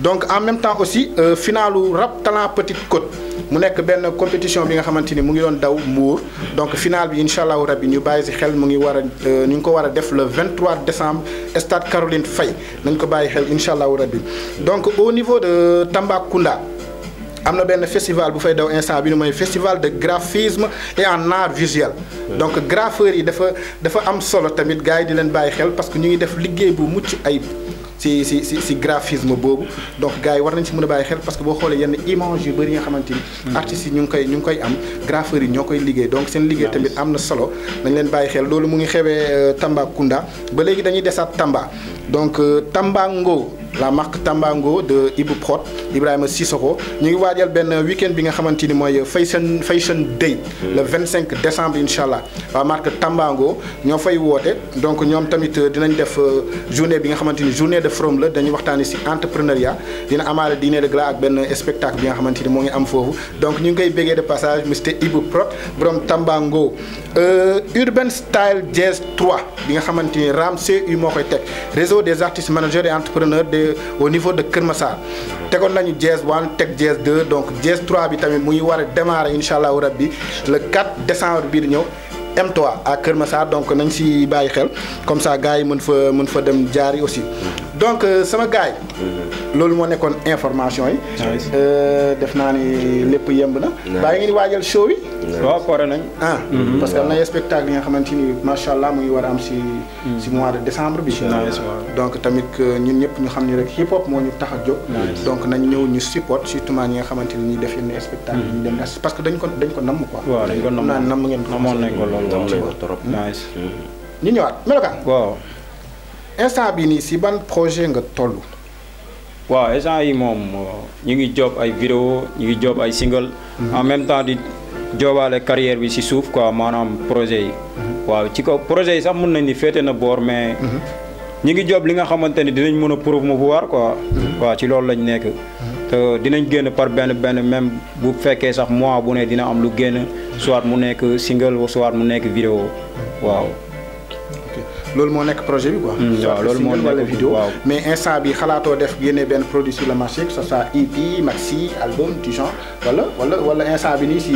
donc en même temps aussi euh, finalu rap talent petite côte mu nekk benn compétition bi nga xamante ni mu ngi doon daw Mbour donc final bi incha allahu rabbi ñu bàyyi si xel mu ngi war a euh, ñu ngi ko war a def le 23 décembre stade Caroline Faye nañ ko bàyyi xel incha allahu rabbi donc au niveau de Tambacounda. am na benn festival bu fay daw instant bi nu mooy festival de graphisme et en art visuel. donc graffeurs yi dafa dafa am solo tamit gars yi di leen bàyyi xel parce que ñu ngi def liggéey bu mucc ayib. si si si si graphisme boobu donc gars yi war nañ si mën a bàyyi xel parce que boo xoolee yenn image yu bëri nga xamante ni. Hmm. artistes yi ñu ngi koy ñu ngi koy am graffeurs yi ñoo koy liggéey donc seen liggéey tamit am na solo nañ leen bàyyi xel loolu mu ngi xewee euh, Tambacounda ba léegi dañuy desaat Tamba donc euh, Tambango. la marque Tambango de Ibou Prot Ibrahima Sissoko ñu ngi waajal benn weekend bi nga xamante ni mooy fashion fashion day le 25 décembre incha allah la marque Tambango ñoo fay woote donc ñoom tamit euh, dinañ def euh, journée bi nga xamante ni journée de From la dañuy waxtaani si entrepreneuriat dina amaale dîner de gala ak benn spectacle bi nga xamante ni moo ngi am foofu donc ñu ngi koy bégee de passage monsieur Ibou Prot borom Tambango euh, Urban Style Jazz 3 bi nga xamante ni moo koy teg réseau des artistes managers et entrepreneurs au niveau de Kër Massar tegoon nañu Jazz 1 teg Jazz 2 donc Jazz 3 bi tamit mu ngi war a démarrer incha allahu rabbi le 4 décembre bii di ñëw. M3 à Kër Massar donc nañ si bàyyi xel comme ça gars yi mën fa mën fa dem jaari aussi donc euh, sama gaay mm-hmm. loolu moo nekkoon information yi. Ah euh, def naa ni lépp yemb na. baa ngeen di waajal show yi. waaw pare nañ. ah mm-hmm. parce que am na spectacle yi nga xamante ni macha allah mu war a am si. Mm. si mois de décembre bi. tamit euh, ñun ñëpp ñu xam ni rek hip hop moo ñu tax a jóg. donc nañ ñëw ñu support surtout maa ñi nga xamante ni def yenn spectacle yi mm-hmm. que dañ ko ko namm quoi. waaw dañ ko namm naa ko. namoon nañ ko lool lool trop. ñu instant bi nii si ban projet nga toll. waaw instant yi moom ñu ngi job ay vidéo ñu ngi joob ay single. Mhm. en même temps di joobaale carrière bi si suuf quoi maanaam projet yi. Mhm. waaw ci kaw projet yi sax mën nañ ni féete na boor mais. Mhm. ñu ngi job li nga xamante ni dinañ mën a promouvoir quoi. waaw ci loolu lañ nekk. te dinañ génn par benn benn même bu fekkee sax mois bu ne dina am lu génn soit mu nekk single soit mu nekk vidéo waaw. loolu moo nekk projet bi quoi. Hmm, waaw loolu moo nekk wala vidéo mais instant bi xalaatoo def génne benn produit sur le marché que ce soit EP maxi album du genre wala wala wala instant bi nii si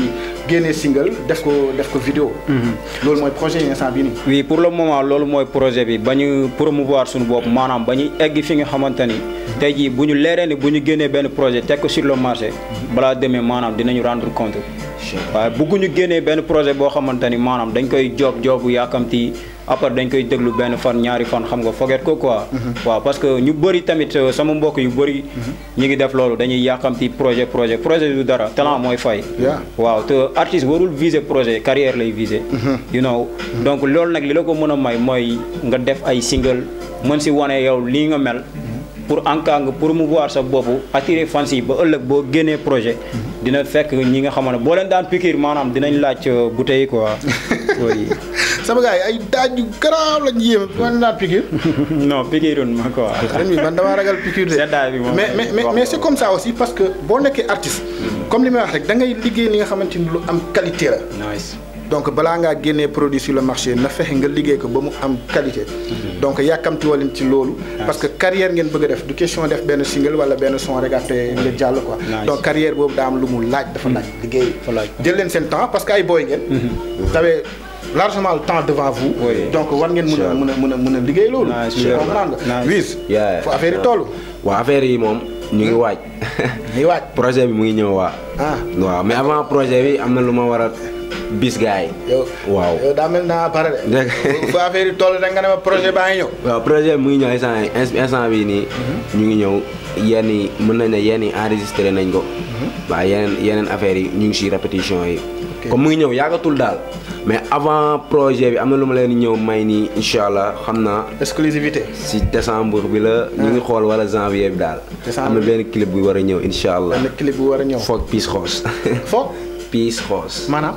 génne single def ko def ko vidéo. Hmm. loolu mooy projet instant bi nii. oui pour le moment loolu mooy projet bi ba ñu promouvoir suñu bopp maanaam ba ñu egg fi nga xamante ni. Hmm. tey jii bu ñu leeree ni bu ñu génnee benn projet teg ko sur le marché. balaa demee maanaam dinañu rendre compte. waaye bëgguñu génnee benn projet boo xamante ni maanaam dañ koy joob joobu yàkkamti après dañ koy déglu benn fan ñaari fan xam nga foget ko quoi. Mhm. waaw parce que ñu bëri tamit euh, sama mbokk yu bëri. Mhm. ñu ngi def loolu dañuy yàkkamti projet projet projet du dara talent mooy fay. waaw te artiste warul viser projet carrière lay viser. Mhm. you know donc loolu nag li la ko mën a may mooy nga def ay single mën si wane yow lii nga mel. pour en cas nga promouvoir sa bopp attirer fans yi ba ëllëg boo génnee projet dina fekk ñi nga xamoon ne boo leen daan piqûre maanaam dinañ laaj euh, bouteille quoi. sama gars yi ay daaj yu garaaw lañ yéeme ma ah, damaa ragal piqûre de. mais mais mais c'est comme ça aussi parce que boo nekkee artiste. comme li may rek da ngay liggéey li nga xamante ni lu am qualité la. nice. donc balaa ngaa génne produit sur le marché na fexe nga liggéey ko ba mu am qualité. Mm-hmm. donc yàkkamti waleen ci loolu. Ah. parce que carrière ngeen bëgg def du question def benn single wala benn son rek après nga jàll quoi. donc carrière boobu daa am lu mu laaj dafa laaj mm-hmm. liggéey. fa laaj jël leen seen temps parce que ay booy ngeen. Mm-hmm. tawee largement le temps devant vous. donc war ngeen mën a mën a mën a mën a liggéey loolu. comprendre nga wiis fu affaire yi toll. waaw moom. ñu ngi hmm? waaj. ñu ngi waaj projet bi mu ngi ñëw waa. ah waaw mais avant projet bi am na lu ma war bis gaay yow waaw yow daa mel naa pare de. bu affaire yi toll da ne ma projet baa ngi ñëw. projet mu ngi ñëw instant instant bii nii. Mhm. ñu ngi ñëw yenn mën nañ ne yenn yi nañ ko. Mhm. waaw yeneen yeneen affaires yi ñu ngi si répétition yi. comme ñëw yàggatul daal. mais avant projet bi am na lu ma leen ñëw may nii incha allah xam naa. exclusivité si décembre bi la. ñu ngi ah. xool wala janvier bi daal. am na benn clip bu war a ñëw incha allah. benn clip bu war a ñëw foog Piscos. foog. piis xoos. maanaam.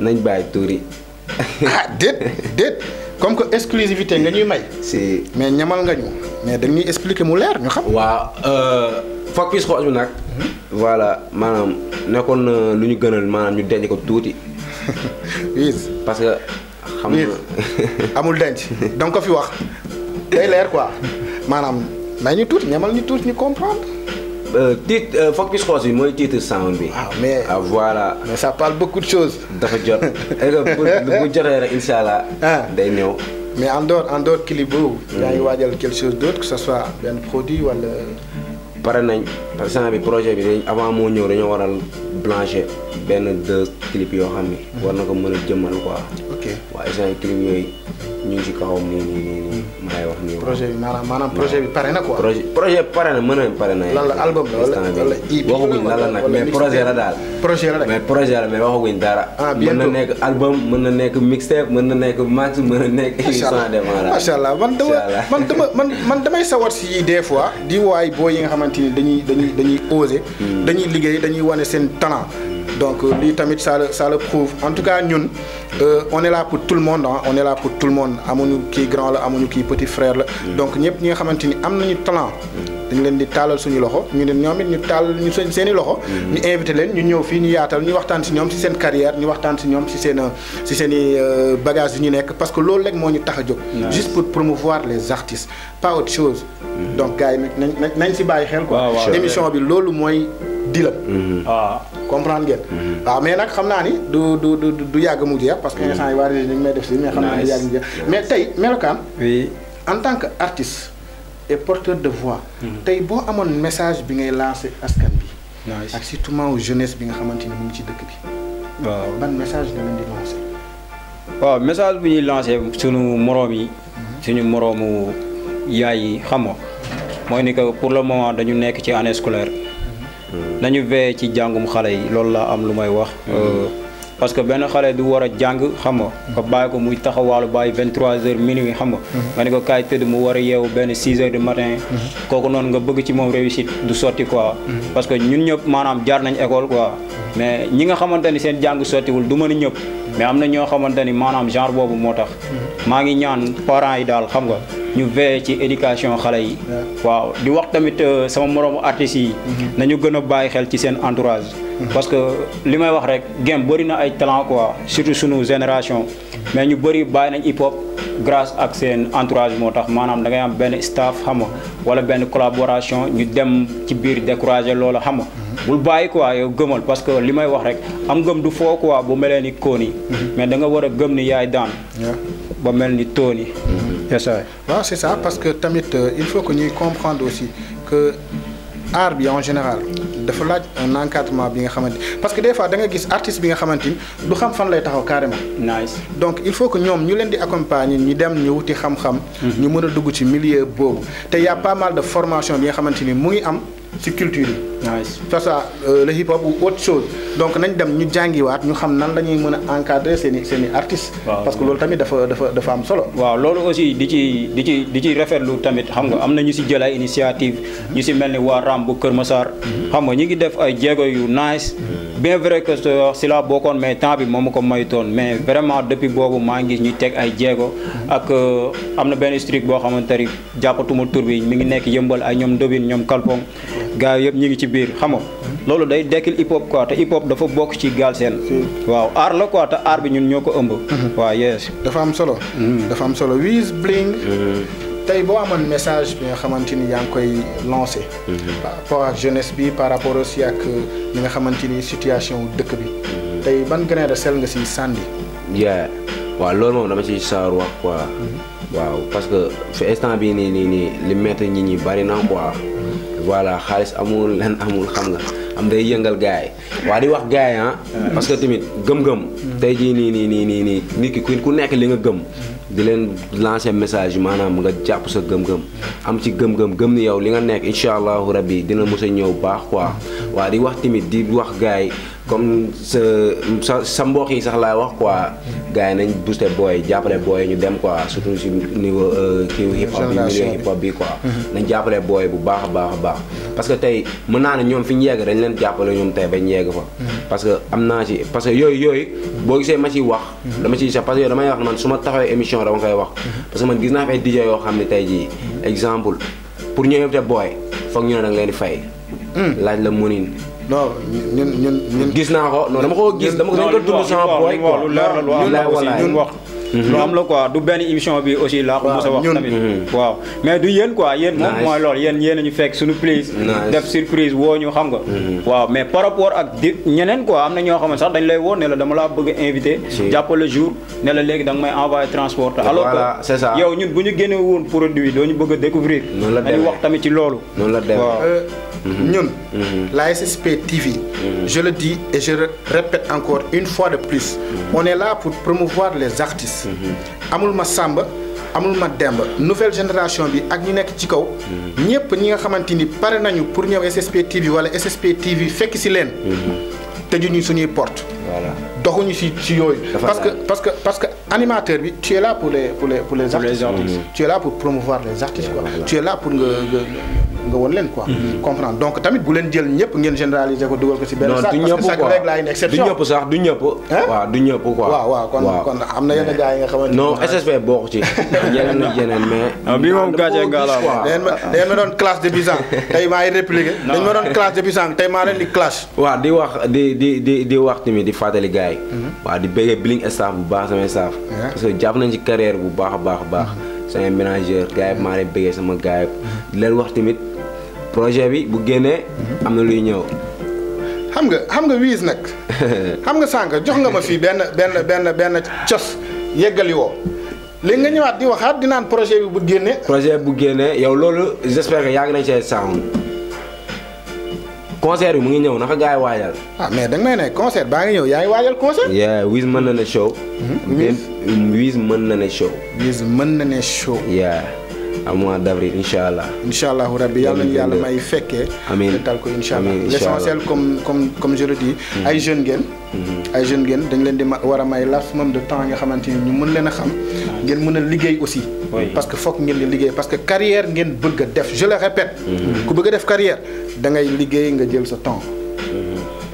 nañ bàyyi tuuri. ah déet déet comme que exclusivité nga ñuy may. si mais ñamal nga ñu. mais dañuy expliquer mu leer ñu xam. waaw foog piis xoos nag. Mm-hmm. voilà maanaam nekkoon lu ñu gënal maanaam ñu denc ko tuuti. piis parce que. xam nga amul denc danga ko fi wax day leer quoi maanaam may ñu tuuti ñamal ñu tuuti ñu comprendre. Euh, titre euh, focus xoos bi mooy titre sound bi. waaw ah, mais ah, voilà. mais ça parle beaucoup de choses. dafa jot bu jotee rek incha ah. day ñëw. mais en dehors en dehors clip boobu. Mm. yaa ngi waajal quelque chose d'autre que ce soit benn produit wala. pare nañ parce que bi projet bi dañ avant moo ñëw dañoo waral blancher benn deux clip yoo xam ni. Mm. war na ko mën a jëmmal quoi. ok waaw instant yii prime yooyu ñu ngi si kawam nii nii nii nii ma lay wax nii. projet bi maanaam maanaam projet bi pare na quoi. projet projet pare na mën na pare na. lan la album la wala wala EP waxaguñ lan la nag mais projet la daal. projet la rek mais projet la mais waxaguñ dara. ah bientôt mën na nekk album mën na nekk mixtape mën na nekk max mën na nekk. émission démarrage macha allah man dama man dama man man damay sawar si yii des fois di waay boo yi nga xamante ni dañuy dañuy dañuy oser. Hmm. dañuy liggéey dañuy wane seen talent. donc euh, lii tamit ça le ça le prouve en tout cas ñun euh, on est là pour tout le monde ah on est là pour tout le monde amuñu kii grand la amuñu kii petit frère la. Mm. donc ñëpp ñi nga xamante ni am nañu talent. Mm. dañu leen di taalal suñu loxo ñu ne ñoom it ñu taal ñu seen i loxo. Mm. ñu invité leen ñu ñëw fii ñu yaatal ñu waxtaan si ñoom si seen carrière ñu waxtaan si ñoom si seen euh, si seen i bagages yu ñu nekk parce que loolu rek moo ñu tax a jóg. juste pour promouvoir les artistes pas autre chose. donc gars yi nañ nañ si bàyyi xel quoi. émission bi loolu mooy. dilam mhm. waaw ah, comprendre ngeen mhm. ah, mais nag xam naa ni du du du du yàgg mu jeex parce que mhm. instant yi waa régie ñu may def si mais xam naa ni du yàgg mu jeex mais tey melokaan oui en tant que artiste et porteur de voix tey boo amoon message bi ngay lancé askan bi ak surtout aux jeunesse bi nga xamante ni mu ci dëkk bi waaw message nga message bu ñuy lancé suñu moroom yi suñu moroomu yaay yi xam nga mooy ni que pour le moment dañu nekk ci année scolaire nañu veye ci jàngum xale yi loolu laa am lu may wax. Euh, parce que benn xale du war a jàng xam nga. nga bàyyi ko muy taxawaalu bàyyi 23h minuit xam nga. Mhm. nga ne ko kaay tëdd mu war a yeewu benn 6h du matin. Mhm. kooku noonu nga bëgg ci moom réussite du sotti quoi. Mhm. parce que ñun ñëpp maanaam jaar nañ école quoi. mais ñi nga xamante ni seen jàng sottiwul du manu ñëpp mais am na ñoo xamante ni maanaam genre boobu moo tax mm-hmm. maa ngi ñaan parents yi daal xam nga ñu veillé ci éducation xale yi waaw di wax tamit euh, sama moroomu artistes yi mm-hmm. nañu gën a bàyyi xel ci seen entourage mm-hmm. parce que li may wax rek game bëri na ay talent quoi surtout sunu génération mais ñu bëri bàyyi nañ hip hop grâce ak seen entourage moo tax maanaam da ngay am benn staff xam nga benn collaboration ñu dem ci biir découragé loola xam nga mhm. bul bàyyi quoi yow gëmal parce que li may wax rek am gëm du foo quoi bu melee ni koon mhm. mais danga war a gëm ni yaay daan ba mel ni toon yi mhm. waaw c'est ça parce que tamit euh, il faut que ñuy comprendre aussi que art bi en général dafa laaj un encadrement bi nga xamante parce que des fois da nga gis artiste bi nga xamante ni du xam fan lay taxaw carrément. nice donc il faut que ñoom ñu leen di accompagner ñu dem ñu wuti xam-xam. Mhm. ñu mën a dugg ci milieu boobu te y' a pas mal de formation bi nga xamante ni mu ngi am. ci culture yi. waaw ça euh, le hip hop ou autre chose. donc nañ dem ñu jàngiwaat ñu xam nan la ñuy mën a encadrer seen i seen i artistes. parce que loolu tamit dafa dafa dafa am solo. waaw loolu aussi di ci di ci di ci rafetlu tamit xam nga am na ñu si jël ay initiative mm-hmm. ñu si mel ni waa Ramb Kër Massar. Mm-hmm. xam nga ñu ngi def ay jéego yu nice. Mm-hmm. bien vrai que si laa bokkoon mais temps bi ma ko maytoon mais vraiment depuis boobu maa ngi gis ñu teg ay jéego ak euh, am na benn streak boo xamante ni jàppatuma tur bi mi ngi nekk yëmbal ay ñoom ndobin ñoom kalpong gars yëpp ñu ngi ci biir xam nga loolu day dekkil hip hop quoi te hip hop dafa bokk ci gaal seen waaw aar la quoi te aar bi ñun ñoo ko ëmb mm-hmm. waaw yes dafa am solo mm-hmm. dafa am solo Wiz Bling euh, tey boo amoon message bi nga xamante ni yaa ngi koy lancé. Mhm. par rapport jeunesse bi par rapport aussi ak li euh, nga xamante ni situation dëkk bi. Mhm. tey ban grain de nga si sànni. yaa waa loolu moom dama ciy saar wax quoi. Mhm. waaw parce que fi instant bii nii nii nii li métti nit ñi bari na quoi. voilà xaalis amul len amul xam nga am day yëngal gars waa di wax gars yi ah. parce que tamit gëm-gëm. tey jii nii nii nii nii nit ki ku nekk li nga gëm. di leen lancer message maanaam nga jàpp sa gëm-gëm am ci gëm-gëm gëm ni yow li nga nekk incha allahu rabbi dina mos a ñëw baax quoi waa di wax tamit di wax gaay comme sa sa sa mbokk yi sax laay wax quoi gars yi nañ booster booy jàppale booy ñu dem quoi surtout si niveau euh, kii hip hop bi milieu hip hop bi quoi mhm. nañ jàppale booy bu baax a baax a baax parce que tey mën naa ne ñoom fi ñu yegg dañ leen jàppale ñoom tey bañ yegg fa mhm. parce que am naa parce que yooyu yooyu boo gisee ma ciy wax mhm. dama ciy sax parce que man su ma taxawee émission dama koy wax parce que man naa ay DJ yoo xam ne tey jii exemple pour ñëw te booy foog ñoo ne da nga leen di fay mm. laaj la mënin non ñun gis naa ko non dama ko gis dama ko la lu am la aussi am la quoi du benn émission bi aussi laa ko mos a wax tamit. Mhm. waaw mais du yéen quoi yéen moom mooy loolu yéen yéen a ñu fekk suñu prise. def surprise woo ñu xam nga. Mhm. waaw mais par rapport ak di ñeneen quoi am na ñoo xam ne sax dañ lay woo ne la dama laa bëgg invité. jàppale jour ne la léegi da nga may envoyé transport. alors que yow ñun bu ñu génne woon produit doo ñu bëgg a découvrir. noonu la demee dañuy wax tamit ci loolu. noonu la demee Mm-hmm. ñun. Mm-hmm. l'ASSP TV. Mm-hmm. je le dis et je le encore une fois de plus. on est là pour promouvoir les artistes. amul ma Samba amul ma demb nouvelle génération bi ak ñu nekk ci kaw. ñépp ñi nga xamante ni pare nañu pour ñëw SSP TV wala SSP TV fekk ci leen. tëjuñu suñuy porte. voilà. doxuñu si si yooyu. parce que parce que parce que animateur bi tu es là pour les pour les pour les artistes. tu es là pour promouvoir les artistes quoi. tu es là pour nga nga won leen quoi. Mm-hmm. comprendre donc tamit bu leen jël ñëpp ngeen généraliser ko dugal ko si benn. sax parce que chaque règle a une exception du ñëpp sax du ñëpp. waaw du ñëpp quoi. waaw waaw kon kon am na yenn gars yi nga xamante ne. non SSP bokk ci yeneen ak yeneen mais. Ah, bii moom gàcce nga la waaw. dañ ma doon classe de bisan tey maa ngi répliqué. dañ ma doon classe de bisan tey maa leen di classe. waaw di wax di di di di wax tamit di fàttali gars yi Ndiaye. waaw di bëggee billing staff bu baax samay staff. parce que jàpp nañ ci carrière bu baax a baax a baax. Mm-hmm. samay ménageur gars yi maa leen bëggee sama gars mm-hmm. di leen wax tamit projet bi bu génnee. Mm-hmm. am na luy ñëw. xam nga xam nga wiis nag xam nga sànq jox nga ma fii benn benn benn benn cos yëggali woo léegi nga ñëwaat di waxaat di naan projet bi bu génnee. projet bu génnee yow loolu j'espère yaa ngi nañ see sànq. concert bi mu ngi ñëw naka gars yi waajal. ah mais da nga ne concert baa ngi ñëw yaa ngi waajal concert. yeah Wiz mën na ne show. Hmm? Wiz mën na ne show. Wiz mën na ne show. yeah. à mois d' avril incha allah. incha allah rabbi yàlla na yàlla may fekkee. amiin te tal ko incha allah l' essentiel comme comme comme je hmm. ay jeunes ngeen. Hmm. ay jeunes ngeen dañ leen di war a may maximum de temps nga xamante ni ñu mën leen a xam. Hmm. ngeen mën a liggéey aussi. parce que foog ngeen di liggéey parce que carrière ngeen bëgg a def je le répète. ku bëgg a def carrière da ngay liggéey nga jël sa temps.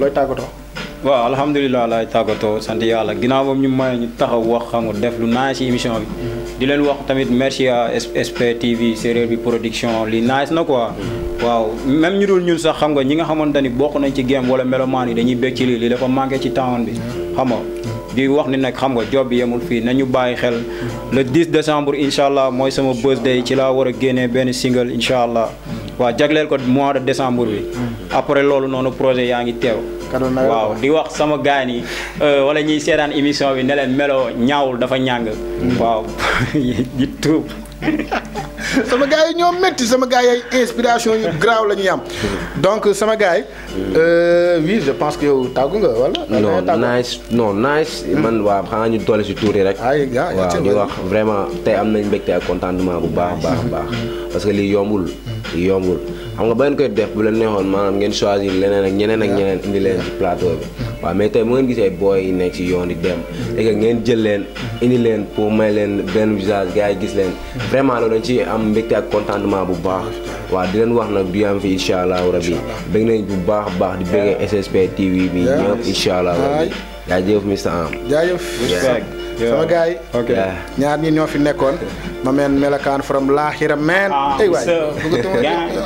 looy tàggatoo. waaw alhamdulilah laay tàggatoo sant yàlla ginnaaw moom ñu may ñu taxaw wax xam nga def lu naaj si émission bi. di leen wax tamit merci à SP TV séeréer bi production li naaj na quoi. waaw même ñu dul ñun sax xam nga ñi nga xamante ni bokk nañ ci game wala melomaan yi dañuy bég ci lii li dafa manqué ci temps bi xam di wax ni nag xam nga job bi yemul fii nañu bàyyi xel le 10 décembre incha allah mooy sama birthday ci laa war a génnee benn single incha allah waaw jagleel ko mois de décembre bi après loolu noonu projet yaa ngi teew waaw di wax sama gaay yi euh, wala ñuy seetaan émission bi neleen melo ñaawul dafa ñàng mm. waaw di tuub sama gars yi ñoo métti sama gars yi inspiration yu graaw la ñuy am donc sama gars yi. Euh, oui je pense que yow tàggu nga wala. non nice non nice. man waaw xanaa ñu doole si tuuri rek. ay gars ñu wax vraiment tey am nañ mbégte ak contentement bu baax baax baax. parce que lii yombul. yombul. xam nga ba ngeen koy def bu leen neexoon maanaam ngeen choisir leneen ak ñeneen ak ñeneen indi leen ci plateau bi waaw mais tey mu ngeen gisee booy yi nekk ci yoon di dem mm-hmm. et que ngeen jël leen indi leen pour may leen benn visage gars yi gis leen mm-hmm. vraiment loolu dañ ci am mbégte ak contentement bu baax waaw di leen wax nag du am fi incha allahu rabi bëgg nañ bu baax baax di bëggee SSP TV bi ñëpp incha allahu rabi jaajëf Mister Am jaajëf sama gars ñaar ñi ñoo fi nekkoon ma meen melakaan from laaxira meen ah, ay waay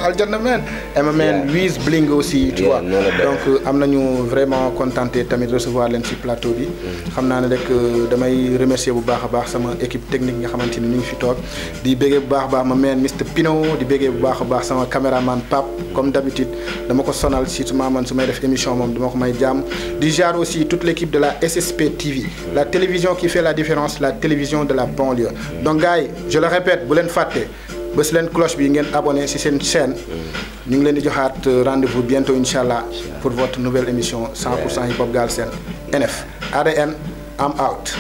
aljanna meen et ma meen wiis bling aussi tu vois donc euh, am nañu vraiment contenté tamit recevoir leen ci plateau bi mm. xam naa ne rek euh, damay remercier bu baax a baax sama équipe technique nga xamante ni ñu ngi fi toog di béggee bu baax a baax ma meen Mister Pino di béggee bu baax a baax sama caméraman Pape comme d'habitude dama ko sonal ma man su may def émission moom dama ko may jàmm di jaar de la SSP TV la télévision qui fait la différence la télévision de la banlieue donc gars yi je le répète bu leen fàtte bës leen cloche bi ngeen abonné si seen chaîne ñu ngi leen di joxaat rendez-vous bientôt incha allah pour votre nouvelle émission cent hip hop Galsen NF ADN am out.